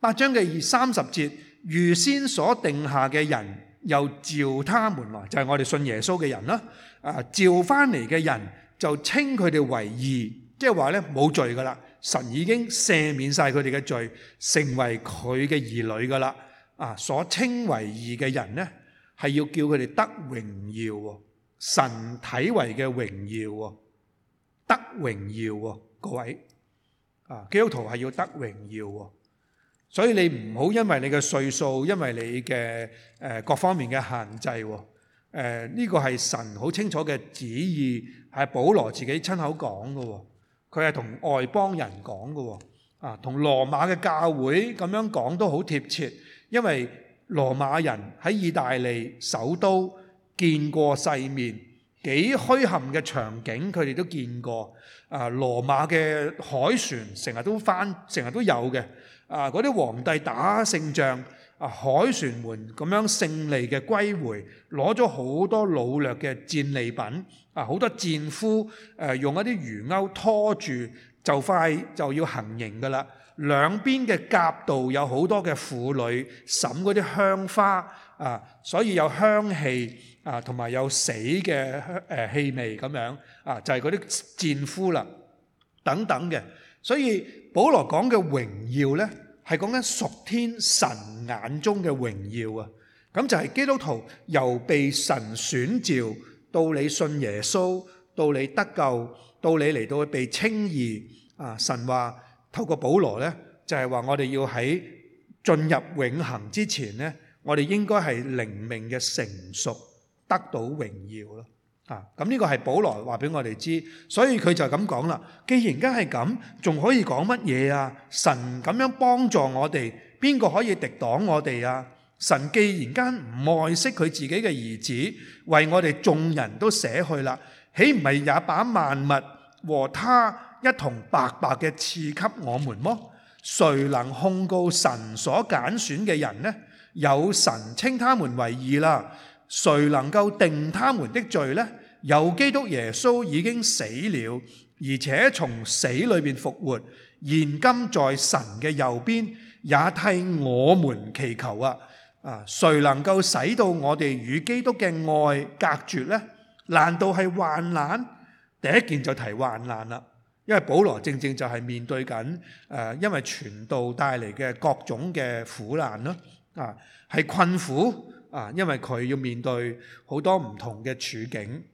S1: 八章嘅二三十節，預先所定下嘅人，又召他們來，就係、是、我哋信耶穌嘅人啦。啊，召翻嚟嘅人就稱佢哋為義。即係話咧，冇罪噶啦神已經赦免晒佢哋嘅罪，成為佢嘅兒女噶啦。啊，所稱為義嘅人咧，係要叫佢哋得榮耀，神體為嘅榮耀，得榮耀啊！各位啊，基督徒係要得榮耀，所以你唔好因為你嘅歲數，因為你嘅誒各方面嘅限制，誒、這、呢個係神好清楚嘅旨意，係保羅自己親口講噶。佢係同外邦人講㗎喎，啊，同羅馬嘅教會咁樣講都好貼切，因為羅馬人喺意大利首都見過世面，幾虛陷嘅場景佢哋都見過，啊，羅馬嘅海船成日都翻，成日都有嘅，啊，嗰啲皇帝打勝仗。啊！凱旋門咁樣勝利嘅歸回，攞咗好多努力嘅戰利品，啊！好多戰俘、呃，用一啲魚鈎拖住，就快就要行刑噶啦。兩邊嘅夾道有好多嘅婦女，嬸嗰啲香花，啊，所以有香氣，啊，同埋有死嘅香氣味咁樣，啊，就係嗰啲戰俘啦，等等嘅。所以保羅講嘅榮耀呢。係講緊屬天神眼中嘅榮耀啊！咁就係基督徒由被神選召到你信耶穌，到你得救，到你嚟到去被稱義啊！神話透過保羅咧，就係話我哋要喺進入永恆之前咧，我哋應該係靈命嘅成熟，得到榮耀咯。啊！咁呢個係保羅話俾我哋知，所以佢就咁講啦。既然間係咁，仲可以講乜嘢啊？神咁樣幫助我哋，邊個可以敵擋我哋啊？神既然間唔愛惜佢自己嘅兒子，為我哋眾人都捨去啦，豈唔係也把萬物和他一同白白嘅賜給我們麼？誰能控告神所揀選嘅人呢？有神稱他們為義啦。誰能夠定他們的罪呢？由基督耶穌已經死了，而且從死裏邊復活，現今在神嘅右邊，也替我們祈求啊！啊，誰能夠使到我哋與基督嘅愛隔絕呢？難道係患難？第一件就提患難啦，因為保羅正正就係面對緊誒、啊，因為傳道帶嚟嘅各種嘅苦難咯，啊，係困苦啊，因為佢要面對好多唔同嘅處境。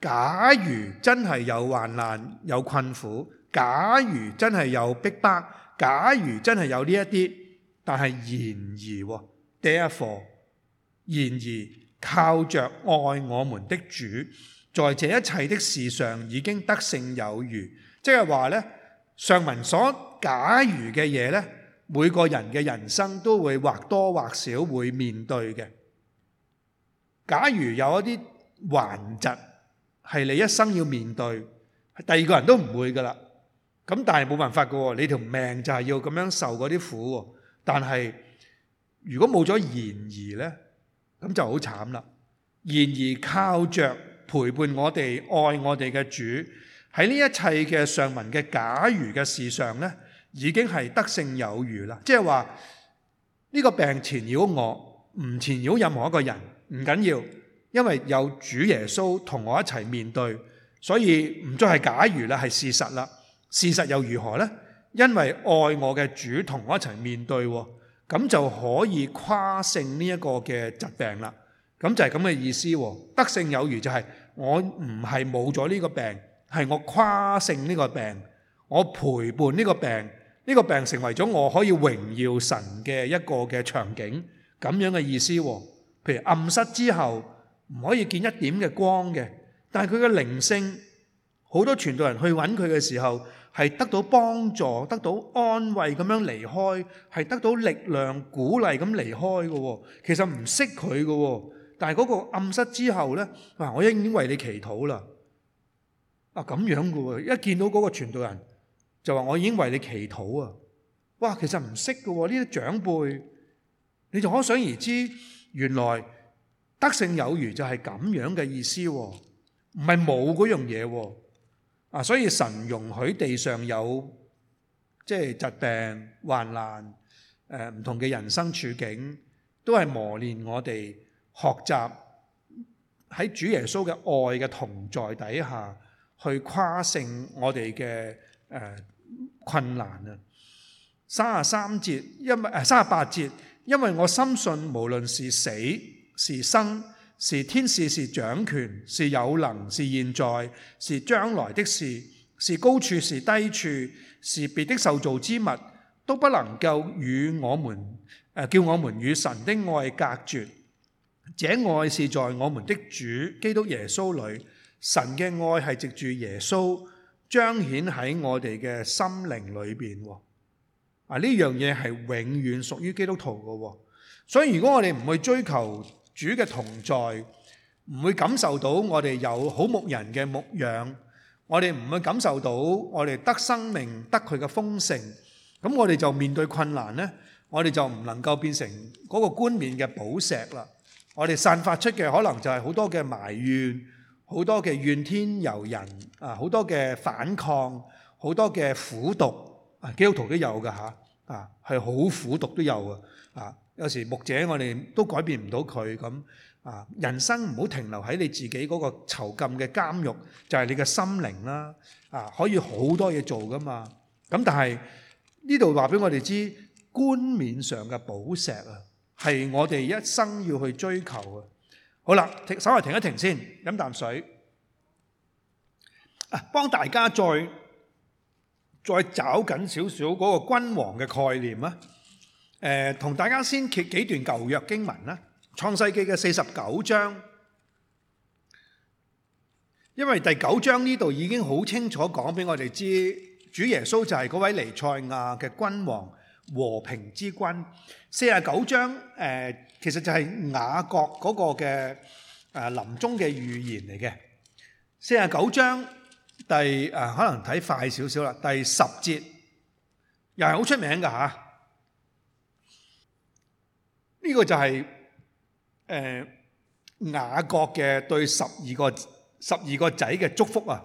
S1: 假如真係有患難有困苦，假如真係有逼迫，假如真係有呢一啲，但係然而喎，Therefore，然而靠著愛我們的主，在這一切的事上已經得勝有餘。即係話呢，上文所假如嘅嘢呢，每個人嘅人生都會或多或少會面對嘅。假如有一啲頑疾。係你一生要面對，第二個人都唔會噶啦。咁但係冇辦法噶喎，你條命就係要咁樣受嗰啲苦。但係如果冇咗然而呢，咁就好慘啦。然而靠着陪伴我哋、愛我哋嘅主，喺呢一切嘅上文嘅假如嘅事上呢，已經係得勝有餘啦。即係話呢個病纏繞我，唔纏繞任何一個人，唔緊要。因為有主耶穌同我一齊面對，所以唔再係假如啦，係事實啦。事實又如何呢？因為愛我嘅主同我一齊面對，咁就可以誇勝呢一個嘅疾病啦。咁就係咁嘅意思。得勝有餘就係我唔係冇咗呢個病，係我誇勝呢個病，我陪伴呢個病，呢個病成為咗我可以榮耀神嘅一個嘅場景。咁樣嘅意思。譬如暗室之後。唔可以見一點嘅光嘅，但係佢嘅靈性，好多傳道人去揾佢嘅時候，係得到幫助、得到安慰咁樣離開，係得到力量、鼓勵咁離開嘅喎。其實唔識佢嘅喎，但係嗰個暗室之後呢，嗱，我已經為你祈禱啦。啊，咁樣嘅喎，一見到嗰個傳道人就話我已經為你祈禱啊。哇，其實唔識嘅喎，呢啲長輩，你就可想而知，原來。得勝有餘就係咁樣嘅意思喎，唔係冇嗰樣嘢喎啊！所以神容許地上有即係疾病、患難、呃、唔同嘅人生處境，都係磨練我哋學習喺主耶穌嘅愛嘅同在底下去跨勝我哋嘅、呃、困難啊！三十三節，因為三十八節，因為我深信無論是死。是生，是天使，是掌權，是有能，是現在，是將來的事，是高處，是低處，是別的受造之物，都不能夠與我們誒、呃、叫我們與神的愛隔絕。這愛是在我們的主基督耶穌裏，神嘅愛係藉住耶穌彰顯喺我哋嘅心靈裏邊。啊，呢樣嘢係永遠屬於基督徒嘅。所以如果我哋唔去追求，主嘅同在，唔會感受到我哋有好牧人嘅牧養，我哋唔會感受到我哋得生命得佢嘅豐盛，咁我哋就面對困難呢，我哋就唔能夠變成嗰個冠冕嘅寶石啦。我哋散發出嘅可能就係好多嘅埋怨，好多嘅怨天尤人啊，好多嘅反抗，好多嘅苦毒。啊，基督徒都有㗎吓啊，係好苦毒都有啊。有時牧者，我哋都改變唔到佢咁啊！人生唔好停留喺你自己嗰個囚禁嘅監獄，就係你嘅心靈啦啊！可以好多嘢做噶嘛。咁但係呢度話俾我哋知，冠冕上嘅寶石啊，係我哋一生要去追求嘅。好啦，稍為停一停先，飲啖水啊！幫大家再再找緊少少嗰個君王嘅概念啊！誒，同大家先揭幾段舊約經文啦，《創世記》嘅四十九章，因為第九章呢度已經好清楚講俾我哋知，主耶穌就係嗰位彌賽亞嘅君王、和平之君。四十九章誒，其實就係雅各嗰個嘅誒臨終嘅預言嚟嘅。四十九章第誒可能睇快少少啦，第十節又係好出名㗎吓。呢個就係誒雅各嘅對十二個十二個仔嘅祝福啊，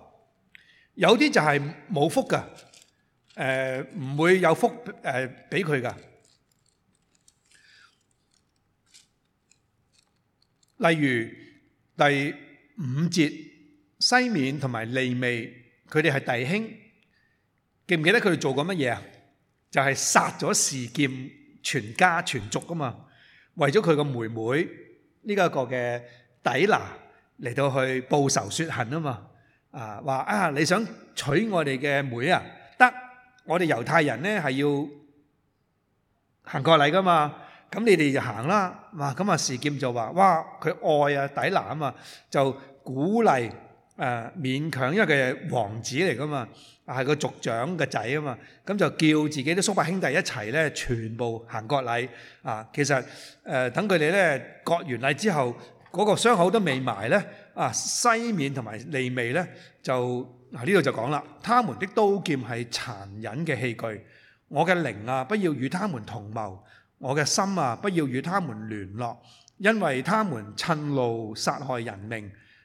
S1: 有啲就係冇福噶，誒唔會有福誒俾佢噶。例如第五節西面同埋利未，佢哋係弟兄，記唔記得佢哋做過乜嘢啊？就係殺咗示劍全家全族噶嘛。為咗佢個妹妹呢一個嘅底拿嚟到去報仇雪恨啊嘛，啊話啊你想娶我哋嘅妹啊得，我哋猶太人咧係要行個禮噶嘛，咁你哋就行啦，哇咁啊示劍就話哇佢愛啊底拿啊嘛，就鼓勵。誒勉強，因為佢係王子嚟噶嘛，係個族長嘅仔啊嘛，咁就叫自己啲叔伯兄弟一齊咧，全部行割禮啊！其實誒等佢哋咧割完禮之後，嗰、那個傷口都未埋咧啊！西面同埋利未咧就嗱呢度就講啦，他們的刀劍係殘忍嘅器具，我嘅靈啊不要與他們同謀，我嘅心啊不要與他們聯絡，因為他們趁怒殺害人命。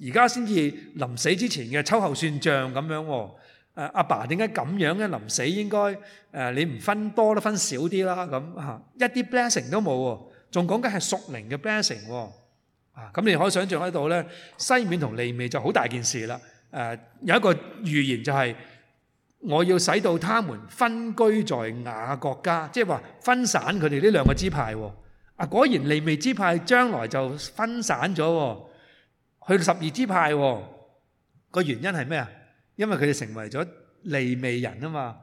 S1: 而家先至臨死之前嘅秋後算賬咁樣喎，誒，阿爸點解咁樣咧？臨死應該誒你唔分多啦，分少啲啦咁吓，一啲 blessing 都冇喎，仲講緊係屬靈嘅 blessing 喎，啊，咁你可以想象喺度咧，西面同利未就好大件事啦，誒，有一個預言就係我要使到他們分居在雅國家，即係話分散佢哋呢兩個支派喎，啊，果然利未支派將來就分散咗喎。去到十二支派個原因係咩啊？因為佢哋成為咗利未人啊嘛，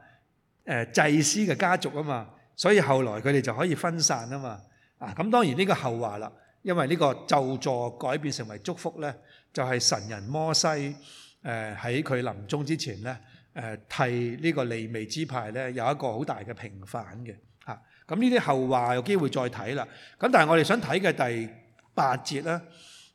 S1: 祭司嘅家族啊嘛，所以後來佢哋就可以分散啊嘛。咁、啊、當然呢個後話啦，因為呢個咒詛改變成為祝福呢，就係、是、神人摩西喺佢臨終之前呢，呃、替呢個利未支派呢有一個好大嘅平反嘅吓。咁呢啲後話有機會再睇啦。咁但係我哋想睇嘅第八節呢。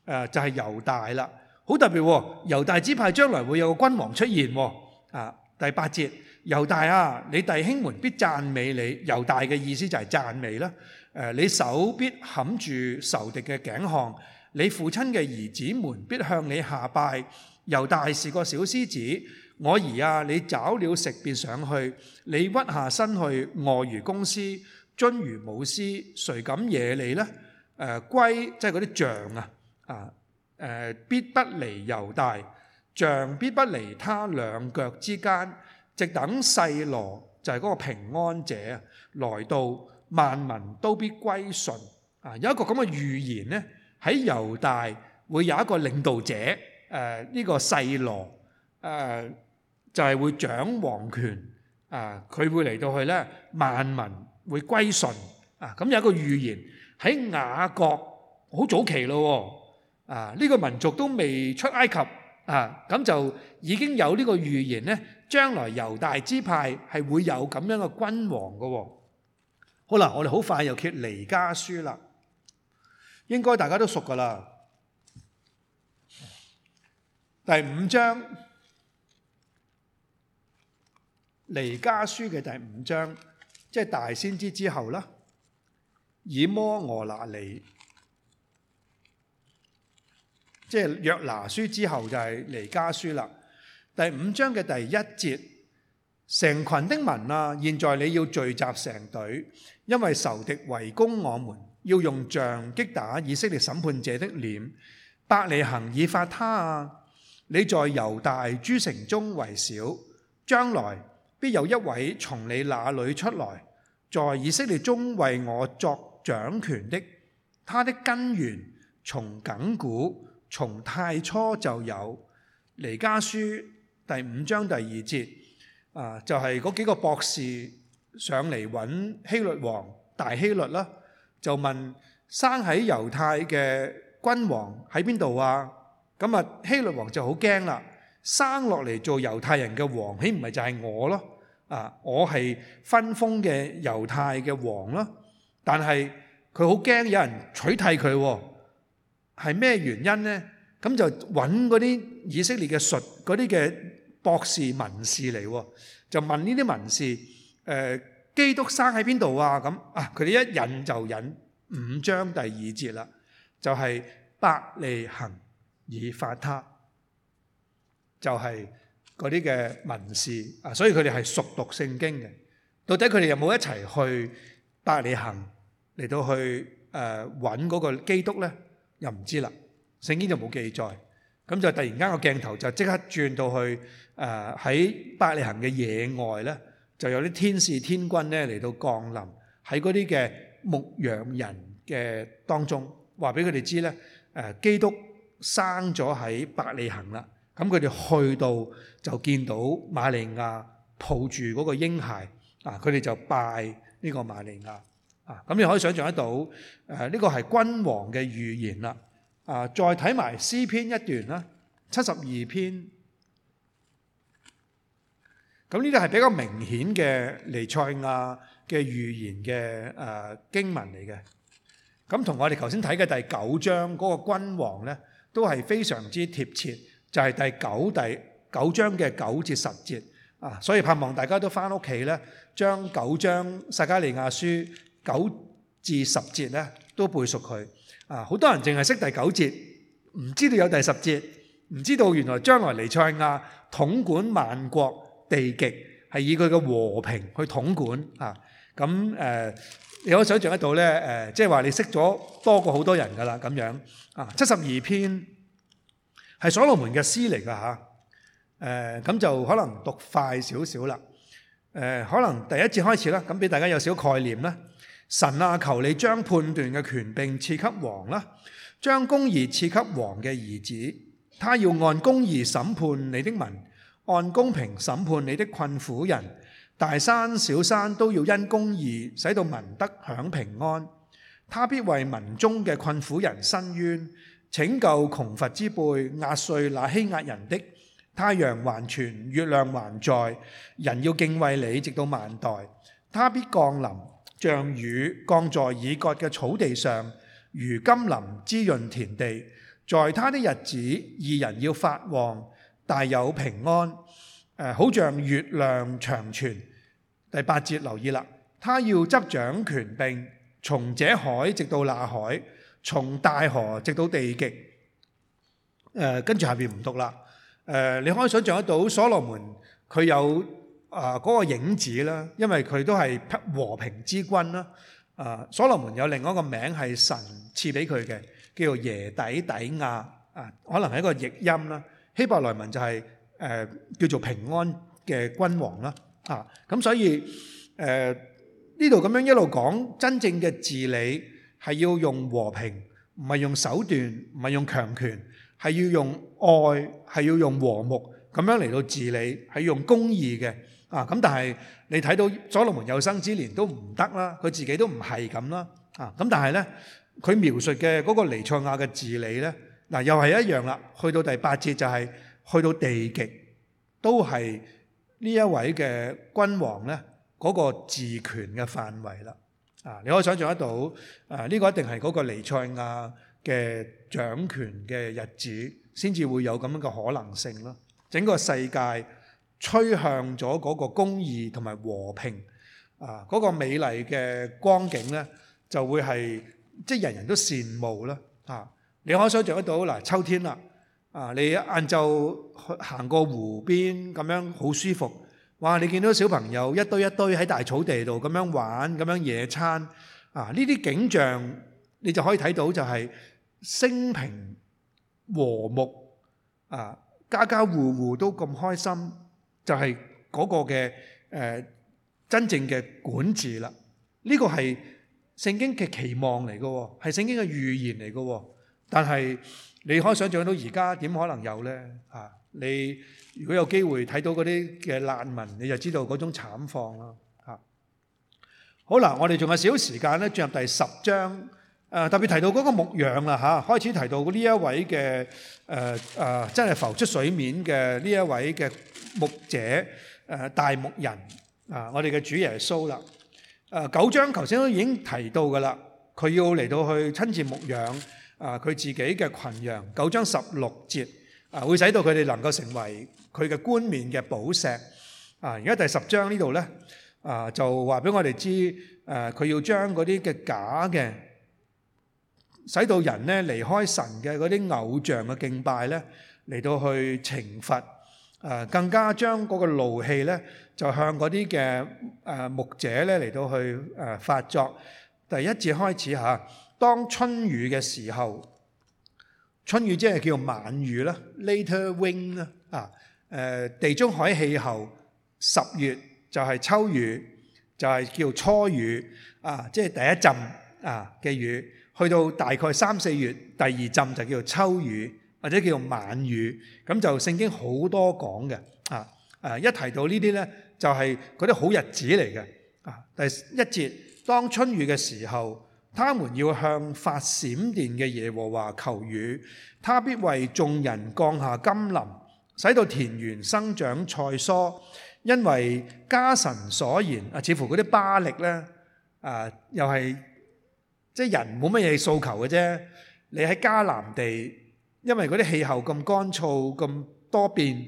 S1: 誒、呃、就係、是、猶大啦，好特別喎、哦！猶大支派將來會有個君王出現喎、哦。啊，第八節，猶大啊，你弟兄們必讚美你。猶大嘅意思就係讚美啦。誒、呃，你手必冚住仇敵嘅頸項，你父親嘅兒子們必向你下拜。猶大是個小獅子，我兒啊，你找了食便上去，你屈下身去卧如公獅，蹲如母獅，誰敢惹你呢？誒、呃，龜即係嗰啲象啊！啊！誒，必不離猶大，杖必不離他兩腳之間，直等細羅就係嗰個平安者來到，萬民都必歸順。啊！有一個咁嘅預言咧，喺猶大會有一個領導者，誒呢個細羅誒就係會掌王權。啊！佢會嚟到去咧，萬民會歸順。啊！咁有一個預言喺雅各好早期咯喎。啊！呢、這個民族都未出埃及啊，咁就已經有呢個預言咧，將來猶大支派係會有咁樣嘅君王嘅，哦。好啦，我哋好快又揭彌迦書啦，應該大家都熟㗎啦。第五章彌迦書嘅第五章，即係大先知之後啦，以摩俄拿尼。即係約拿書之後就係彌迦書啦。第五章嘅第一節，成群的民啊，現在你要聚集成隊，因為仇敵圍攻我們，要用杖擊打以色列審判者的臉。伯利恆以法他啊，你在猶大諸城中為小，將來必有一位從你那裏出來，在以色列中為我作掌權的，他的根源從亙古。從太初就有，彌迦書第五章第二節，啊，就係嗰幾個博士上嚟揾希律王，大希律啦，就問生喺猶太嘅君王喺邊度啊？咁啊，希律王就好驚啦，生落嚟做猶太人嘅王，豈唔係就係我咯？啊，我係分封嘅猶太嘅王咯，但係佢好驚有人取代佢喎。係咩原因呢？咁就揾嗰啲以色列嘅術嗰啲嘅博士文士嚟、哦，就問呢啲文士：誒、呃，基督生喺邊度啊？咁啊，佢哋一引就引五章第二節啦，就係、是、伯利恆以法他，就係嗰啲嘅文士啊。所以佢哋係熟讀聖經嘅。到底佢哋有冇一齊去伯利恆嚟到去誒揾嗰個基督呢？又唔知啦，聖經就冇記載，咁就突然間個鏡頭就即刻轉到去誒喺伯利恒嘅野外咧，就有啲天使天軍咧嚟到降臨喺嗰啲嘅牧羊人嘅當中，話俾佢哋知咧誒基督生咗喺伯利恒啦，咁佢哋去到就見到馬利亞抱住嗰個嬰孩，啊，佢哋就拜呢個馬利亞。咁你、啊、可以想象得到，呢、啊這個係君王嘅預言啦。啊，再睇埋詩篇一段啦，七十二篇。咁呢啲係比較明顯嘅彌賽亞嘅預言嘅誒、啊、經文嚟嘅。咁、啊、同我哋頭先睇嘅第九章嗰個君王呢，都係非常之貼切，就係、是、第九第九章嘅九至十節啊。所以盼望大家都翻屋企呢，將九章撒迦利亞書。九至十節咧都背熟佢啊！好多人淨係識第九節，唔知道有第十節，唔知道原來將來彌賽亞統管萬國地極，係以佢嘅和平去統管啊！咁誒、呃，你可以想象得到咧誒，即係話你識咗多過好多人噶啦咁樣啊！七十二篇係所羅門嘅詩嚟噶吓，誒、啊、咁、呃、就可能讀快少少啦，誒、呃、可能第一節開始啦，咁俾大家有少少概念啦。神啊，求你將判斷嘅權柄賜給王啦，將公義賜給王嘅兒子，他要按公義審判你的民，按公平審判你的困苦人，大山小山都要因公義使到民得享平安。他必為民中嘅困苦人伸冤，拯救窮乏之輩，壓碎那欺壓人的。太陽還存，月亮還在，人要敬畏你直到萬代。他必降臨。像雨降在已割嘅草地上，如甘霖滋潤田地。在他的日子，二人要發旺，大有平安。誒，好像月亮長存。第八節留意啦，他要執掌權柄，從這海直到那海，從大河直到地極。誒，跟住下邊唔讀啦。誒，你可以想象得到，所羅門佢有。啊！嗰、那個影子啦，因為佢都係和平之君啦。啊，所羅門有另外一個名係神賜俾佢嘅，叫做耶底底亞啊，可能係一個譯音啦。希伯來文就係、是、誒、啊、叫做平安嘅君王啦。咁、啊、所以誒呢度咁樣一路講真正嘅治理係要用和平，唔係用手段，唔係用強權，係要用愛，係要用和睦咁樣嚟到治理，係用公義嘅。啊！咁但係你睇到所羅門有生之年都唔得啦，佢自己都唔係咁啦。啊！咁但係呢，佢描述嘅嗰個尼賽亞嘅治理呢，嗱、啊、又係一樣啦。去到第八節就係、是、去到地極，都係呢一位嘅君王呢嗰、那個治權嘅範圍啦。啊！你可以想象得到，啊呢、這個一定係嗰個尼賽亞嘅掌權嘅日子，先至會有咁樣嘅可能性啦。整個世界。吹向咗嗰個公義同埋和平啊！嗰個美麗嘅光景咧，就會係即係人人都羨慕啦啊！你可以想象得到嗱，秋天啦啊，你晏晝行過湖邊咁樣好舒服，哇！你見到小朋友一堆一堆喺大草地度咁樣玩咁樣野餐啊！呢啲景象你就可以睇到，就係升平和睦啊，家家戶戶都咁開心。就係嗰個嘅誒、呃、真正嘅管治啦，呢、這個係聖經嘅期望嚟嘅喎，係聖經嘅預言嚟嘅喎。但係你可以想象到而家點可能有呢？嚇、啊？你如果有機會睇到嗰啲嘅難民，你就知道嗰種慘況啦嚇。好啦，我哋仲有少少時間咧，進入第十章。誒，特別提到嗰個牧羊啦，嚇，開始提到呢一位嘅誒誒，真係浮出水面嘅呢一位嘅牧者誒、呃、大牧人啊、呃，我哋嘅主耶穌啦。誒、呃、九章頭先都已經提到㗎啦，佢要嚟到去親自牧羊啊，佢自己嘅群羊。九章十六節啊、呃，會使到佢哋能夠成為佢嘅冠冕嘅寶石啊。而、呃、家第十章呢度咧啊，就話俾我哋知誒，佢、呃、要將嗰啲嘅假嘅。使到人咧離開神嘅嗰啲偶像嘅敬拜咧，嚟到去懲罰，誒更加將嗰個怒氣咧，就向嗰啲嘅誒牧者咧嚟到去誒發作。第一節開始嚇，當春雨嘅時候，春雨即係叫晚雨啦，later rain 啦，啊誒地中海氣候十月就係秋雨，就係叫初雨啊，即係第一陣啊嘅雨。去到大概三四月，第二浸就叫做秋雨或者叫做晚雨，咁就聖經好多講嘅啊。誒，一提到呢啲呢，就係嗰啲好日子嚟嘅啊。第一節，當春雨嘅時候，他們要向發閃電嘅耶和華求雨，他必為眾人降下甘霖，使到田園生長菜蔬，因為家神所言啊，似乎嗰啲巴力呢，啊、又係。即係人冇乜嘢訴求嘅啫。你喺迦南地，因為嗰啲氣候咁乾燥、咁多變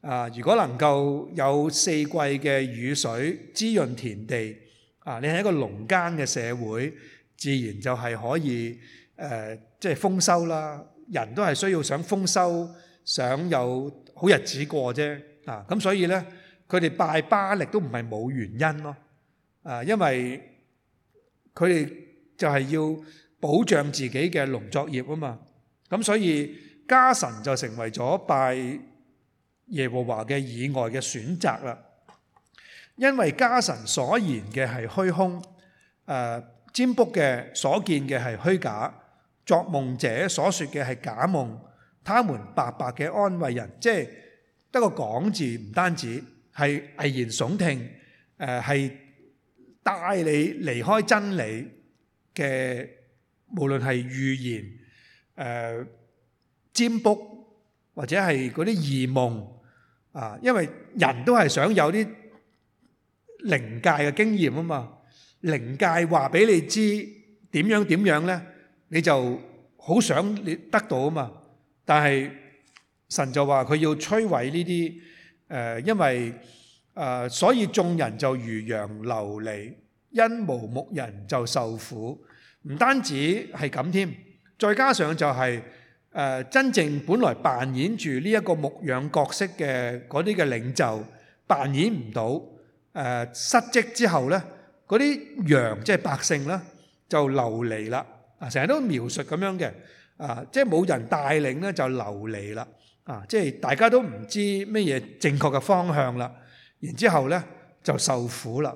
S1: 啊。如果能夠有四季嘅雨水滋潤田地啊，你係一個農耕嘅社會，自然就係可以誒，即係豐收啦。人都係需要想豐收，想有好日子過啫啊。咁所以呢，佢哋拜巴力都唔係冇原因咯啊，因為佢哋。就係要保障自己嘅農作業啊嘛，咁所以家神就成為咗拜耶和華嘅以外嘅選擇啦。因為家神所言嘅係虛空，占卜嘅所見嘅係虛假，作夢者所說嘅係假夢，他們白白嘅安慰人，即係得個講字，唔單止係危言聳聽，誒係帶你離開真理。嘅無論係預言、誒占卜或者係嗰啲異夢啊，因為人都係想有啲靈界嘅經驗啊嘛，靈界話俾你知點樣點樣咧，你就好想你得到啊嘛，但係神就話佢要摧毀呢啲誒，因為誒，所以眾人就如羊流離，因無牧人就受苦。唔單止係咁添，再加上就係誒，真正本來扮演住呢一個牧養角色嘅嗰啲嘅領袖扮演唔到誒，失職之後咧，嗰啲羊即係百姓啦，就流離啦。啊，成日都描述咁樣嘅啊，即係冇人帶領咧，就流離啦。啊，即係大家都唔知咩嘢正確嘅方向啦，然之後咧就受苦啦。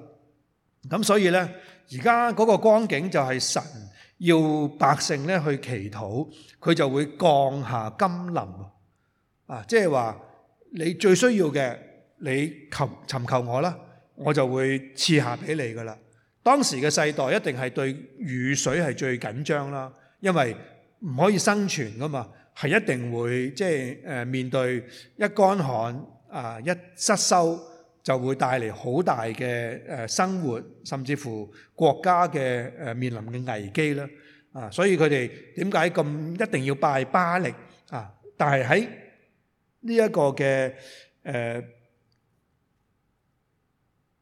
S1: 咁所以咧。而家嗰個光景就係神要百姓咧去祈禱，佢就會降下甘霖啊！啊，即係話你最需要嘅，你尋尋求我啦，我就會賜下俾你噶啦。當時嘅世代一定係對雨水係最緊張啦，因為唔可以生存噶嘛，係一定會即係誒面對一乾旱啊一失收。就會帶嚟好大嘅誒生活，甚至乎國家嘅誒、呃、面臨嘅危機啦。啊，所以佢哋點解咁一定要拜巴力啊？但係喺呢一個嘅誒、呃、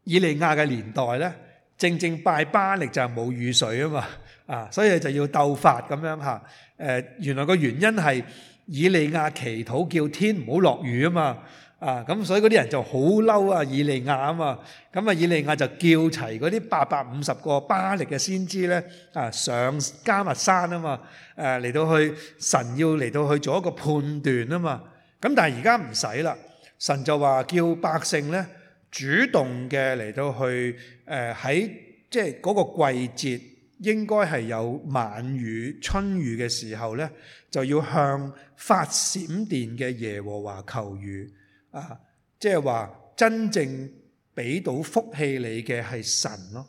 S1: 以利亞嘅年代咧，正正拜巴力就係冇雨水啊嘛。啊，所以就要鬥法咁樣嚇。誒、啊，原來個原因係以利亞祈禱叫天唔好落雨啊嘛。啊，咁所以嗰啲人就好嬲啊，以利亞啊嘛，咁啊以利亞就叫齊嗰啲八百五十個巴力嘅先知咧，啊上迦密山啊嘛，誒、啊、嚟到去神要嚟到去做一個判斷啊嘛，咁、啊、但係而家唔使啦，神就話叫百姓咧主動嘅嚟到去誒喺即係嗰個季節應該係有晚雨春雨嘅時候咧，就要向發閃電嘅耶和華求雨。啊！即係話真正俾到福氣你嘅係神咯、啊。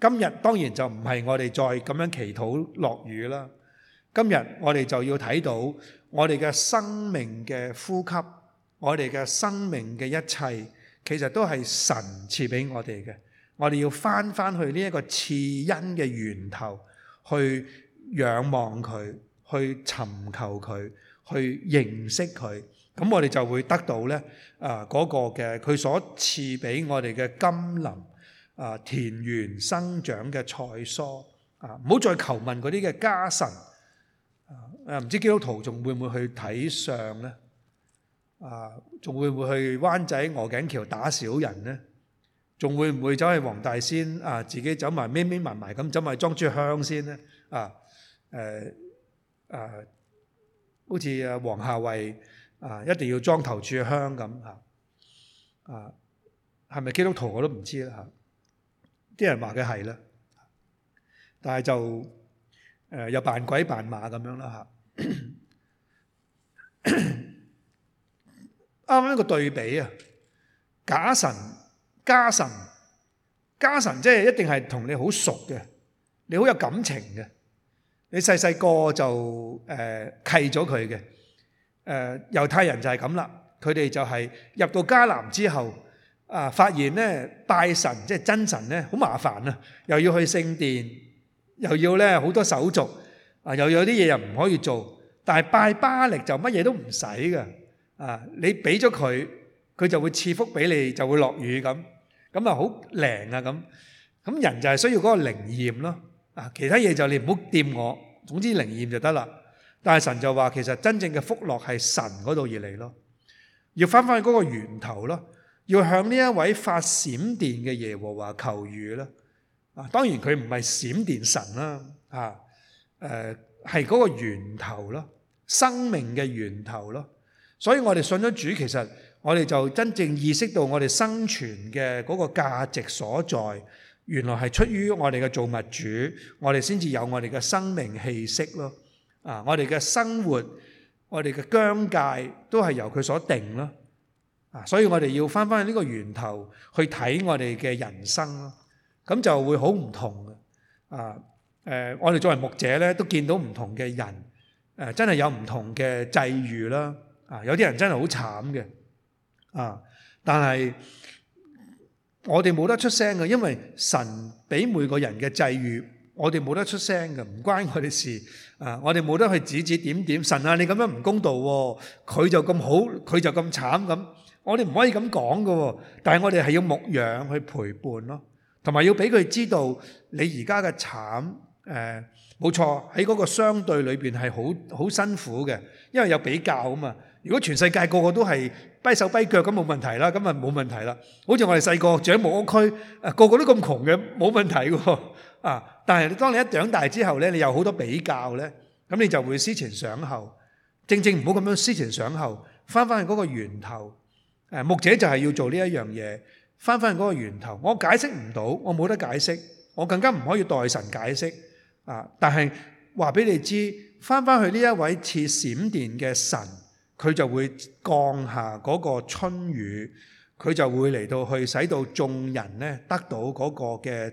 S1: 今日當然就唔係我哋再咁樣祈禱落雨啦。今日我哋就要睇到我哋嘅生命嘅呼吸，我哋嘅生命嘅一切其實都係神賜俾我哋嘅。我哋要翻翻去呢一個賜恩嘅源頭，去仰望佢，去尋求佢，去認識佢。咁我哋就會得到咧，啊，嗰個嘅佢所賜俾我哋嘅金林，啊，田園生長嘅菜蔬啊，唔好再求問嗰啲嘅家神啊。唔知基督徒仲會唔會去睇相咧？啊仲會唔會去灣仔鵝頸橋打小人咧？仲會唔會走去黃大仙啊，自己走埋孭孭埋埋咁走埋裝住香先咧？啊，誒，啊好似啊黃夏蕙。啊！一定要裝頭柱香咁吓，啊係咪基督徒我都唔知啦吓，啲人話佢係啦，但係就誒又扮鬼扮馬咁樣啦吓。啱啱一個對比啊，假神、家神、家神，即係一定係同你好熟嘅，你好有感情嘅，你細細個就誒契咗佢嘅。誒、呃、猶太人就係咁啦，佢哋就係入到迦南之後啊、呃，發現咧拜神即係真神咧好麻煩啊，又要去聖殿，又要咧好多手續啊、呃，又要有啲嘢又唔可以做。但係拜巴力就乜嘢都唔使㗎。啊、呃！你俾咗佢，佢就會賜福俾你，就會落雨咁，咁啊好靈啊咁。咁人就係需要嗰個靈驗咯啊、呃，其他嘢就你唔好掂我，總之靈驗就得啦。但是神就話，其實真正嘅福樂係神嗰度而嚟咯，要翻翻去嗰個源頭咯，要向呢一位發閃電嘅耶和華求雨啦。啊，當然佢唔係閃電神啦，啊，誒，係嗰個源頭咯，生命嘅源頭咯。所以我哋信咗主，其實我哋就真正意識到我哋生存嘅嗰個價值所在，原來係出於我哋嘅造物主，我哋先至有我哋嘅生命氣息咯。啊！我哋嘅生活，我哋嘅疆界都係由佢所定咯。啊，所以我哋要翻翻去呢個源頭去睇我哋嘅人生咯。咁就會好唔同嘅。啊，誒、啊呃，我哋作為牧者咧，都見到唔同嘅人，誒、啊，真係有唔同嘅際遇啦。啊，有啲人真係好慘嘅。啊，但係我哋冇得出聲嘅，因為神俾每個人嘅際遇，我哋冇得出聲嘅，唔關我哋事。啊！我哋冇得去指指點點，神啊！你咁樣唔公道喎，佢就咁好，佢就咁慘咁，我哋唔可以咁講㗎喎。但係我哋係要牧養去陪伴咯，同埋要俾佢知道你而家嘅慘，誒，冇錯喺嗰個相對裏邊係好好辛苦嘅，因為有比較啊嘛。如果全世界個個都係跛手跛腳咁，冇問題啦，咁，啊冇問題啦。好似我哋細個住喺木屋區，誒，個個都咁窮嘅，冇問題喎。啊！但係你當你一長大之後咧，你有好多比較咧，咁你就會思前想後。正正唔好咁樣思前想後，翻翻去嗰個源頭。誒，牧者就係要做呢一樣嘢，翻翻去嗰個源頭。我解釋唔到，我冇得解釋，我更加唔可以代神解釋。啊！但係話俾你知，翻翻去呢一位似閃電嘅神，佢就會降下嗰個春雨，佢就會嚟到去使到眾人咧得到嗰個嘅。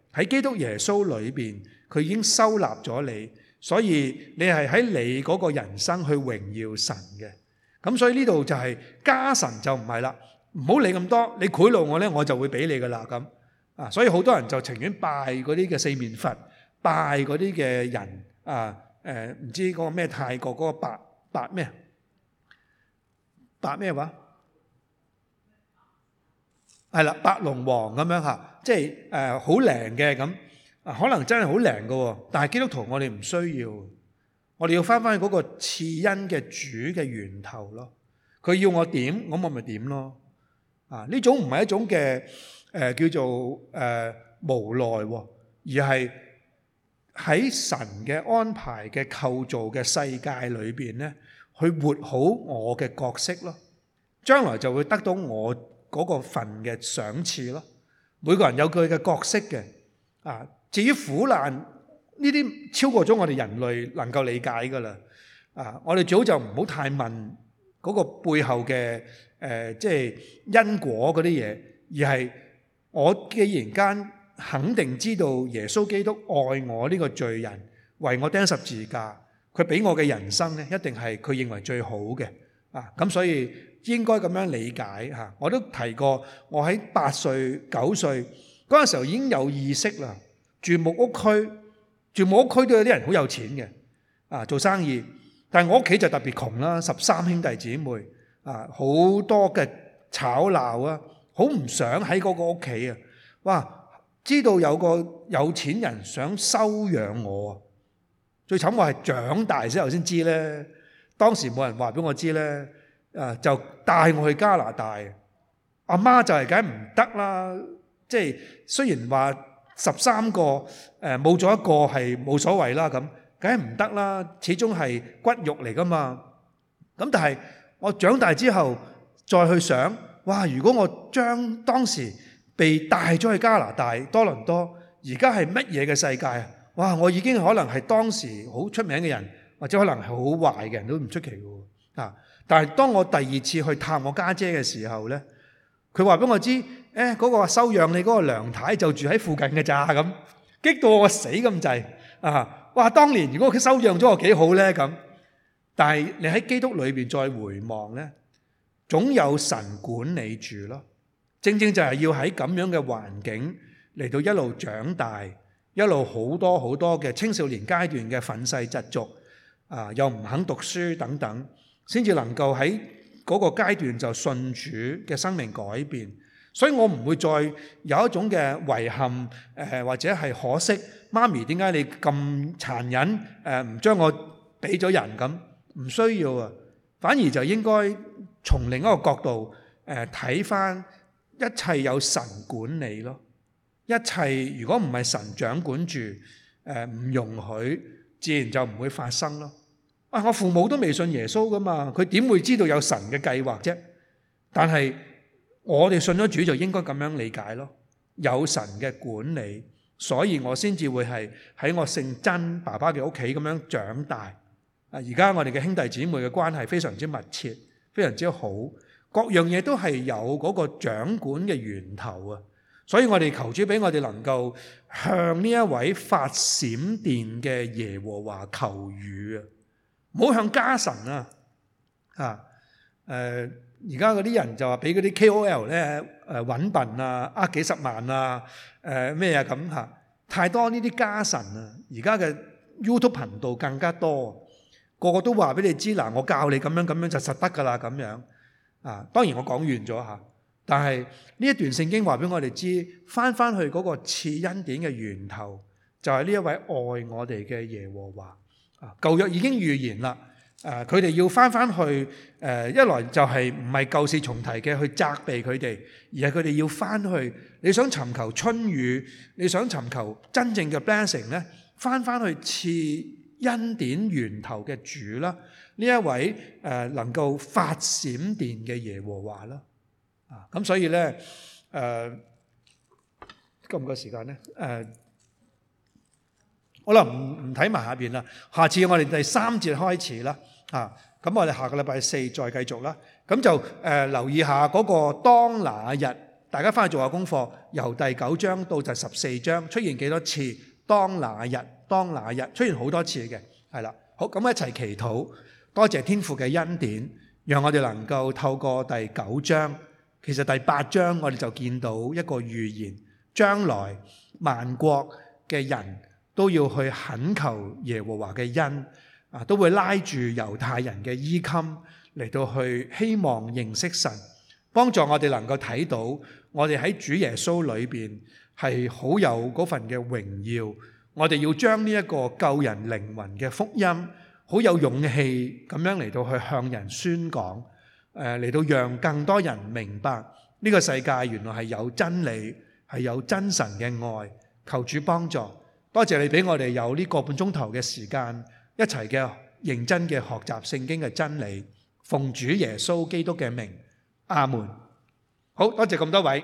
S1: 喺基督耶穌裏邊，佢已經收納咗你，所以你係喺你嗰個人生去榮耀神嘅。咁所以呢度就係家神就唔係啦，唔好理咁多，你賄賂我呢，我就會俾你㗎喇咁。啊，所以好多人就情願拜嗰啲嘅四面佛，拜嗰啲嘅人啊，誒唔知嗰個咩泰國嗰個白白咩，白咩話？係啦，白龍王咁樣吓，即係誒好靈嘅咁，可能真係好靈喎。但係基督徒我哋唔需要，我哋要返返去嗰個賜恩嘅主嘅源頭咯。佢要我點，咁我咪點咯。啊，呢種唔係一種嘅誒、呃、叫做誒、呃、無奈，而係喺神嘅安排嘅構造嘅世界裏邊咧，去活好我嘅角色咯。將來就會得到我。嗰個份嘅賞賜咯，每個人有佢嘅角色嘅。啊，至於苦難呢啲超過咗我哋人類能夠理解噶啦。啊，我哋早就唔好太問嗰個背後嘅、呃、即係因果嗰啲嘢，而係我既然間肯定知道耶穌基督愛我呢個罪人，為我釘十字架，佢俾我嘅人生咧，一定係佢認為最好嘅。啊，咁所以。應該咁樣理解吓，我都提過，我喺八歲、九歲嗰陣時候已經有意識啦。住木屋區，住木屋區都有啲人好有錢嘅，啊，做生意。但係我屋企就特別窮啦，十三兄弟姊妹，啊，好多嘅吵鬧啊，好唔想喺嗰個屋企啊。哇，知道有個有錢人想收養我啊。最慘我係長大之後先知咧，當時冇人話俾我知咧。啊！就帶我去加拿大，阿媽就係梗唔得啦。即係雖然話十三個，誒，冇咗一個係冇所謂啦，咁，梗係唔得啦。始終係骨肉嚟㗎嘛。咁但係我長大之後再去想，哇！如果我將當時被帶咗去加拿大多倫多，而家係乜嘢嘅世界啊？哇！我已經可能係當時好出名嘅人，或者可能係好壞嘅人都唔出奇嘅喎啊！但係當我第二次去探我家姐嘅時候咧，佢話俾我知，誒嗰個收養你嗰個梁太就住喺附近嘅咋咁，激到我死咁滯啊！哇！當年如果佢收養咗我幾好咧咁，但係你喺基督裏邊再回望咧，總有神管理住咯。正正就係要喺咁樣嘅環境嚟到一路長大，一路好多好多嘅青少年階段嘅憤世嫉俗啊，又唔肯讀書等等。先至能夠喺嗰個階段就順主嘅生命改變，所以我唔會再有一種嘅遺憾，誒或者係可惜，媽咪點解你咁殘忍，誒唔將我俾咗人咁，唔需要啊，反而就應該從另一個角度誒睇返一切有神管理咯，一切如果唔係神掌管住，誒唔容許，自然就唔會發生咯。啊！我父母都未信耶穌噶嘛，佢點會知道有神嘅計劃啫？但係我哋信咗主就應該咁樣理解咯。有神嘅管理，所以我先至會係喺我姓曾爸爸嘅屋企咁樣長大。而家我哋嘅兄弟姊妹嘅關係非常之密切，非常之好，各樣嘢都係有嗰個掌管嘅源頭啊！所以我哋求主俾我哋能夠向呢一位發閃電嘅耶和華求雨啊！唔好向家臣啊！啊，誒而家嗰啲人就話俾嗰啲 KOL 咧，誒揾笨啊，呃、啊啊、幾十萬啊，誒咩啊咁嚇、啊！太多呢啲家臣啊，而家嘅 YouTube 頻道更加多，個個都話俾你知啦、啊，我教你咁樣咁樣就實得㗎啦，咁樣啊！當然我講完咗吓、啊。但係呢一段聖經話俾我哋知，翻翻去嗰個賜恩典嘅源頭，就係呢一位愛我哋嘅耶和華。啊，舊約已經預言啦，誒、呃，佢哋要翻翻去，誒、呃，一來就係唔係舊事重提嘅去責備佢哋，而係佢哋要翻去，你想尋求春雨，你想尋求真正嘅 blessing 咧，翻翻去賜恩典源頭嘅主啦，呢一位誒、呃、能夠發閃電嘅耶和華啦，啊，咁所以咧，誒、呃，夠唔夠時間咧，誒、呃？好啦，唔唔睇埋下邊啦，下次我哋第三節開始啦，吓，咁我哋下個禮拜四再繼續啦。咁就誒，留意下嗰個當那日，大家翻去做下功課，由第九章到就十四章出現幾多次？當那日，當那日出現好多次嘅，係啦。好，咁一齊祈禱，多謝天父嘅恩典，讓我哋能夠透過第九章，其實第八章我哋就見到一個預言，將來萬國嘅人。都要去懇求耶和華嘅恩，啊，都會拉住猶太人嘅衣襟嚟到去希望認識神，幫助我哋能夠睇到我哋喺主耶穌裏邊係好有嗰份嘅榮耀。我哋要將呢一個救人靈魂嘅福音，好有勇氣咁樣嚟到去向人宣講，誒嚟到讓更多人明白呢個世界原來係有真理，係有真神嘅愛。求主幫助。多謝你畀我哋有呢個半鐘頭嘅時間，一齊嘅認真嘅學習聖經嘅真理，奉主耶穌基督嘅名，阿門。好多謝咁多位。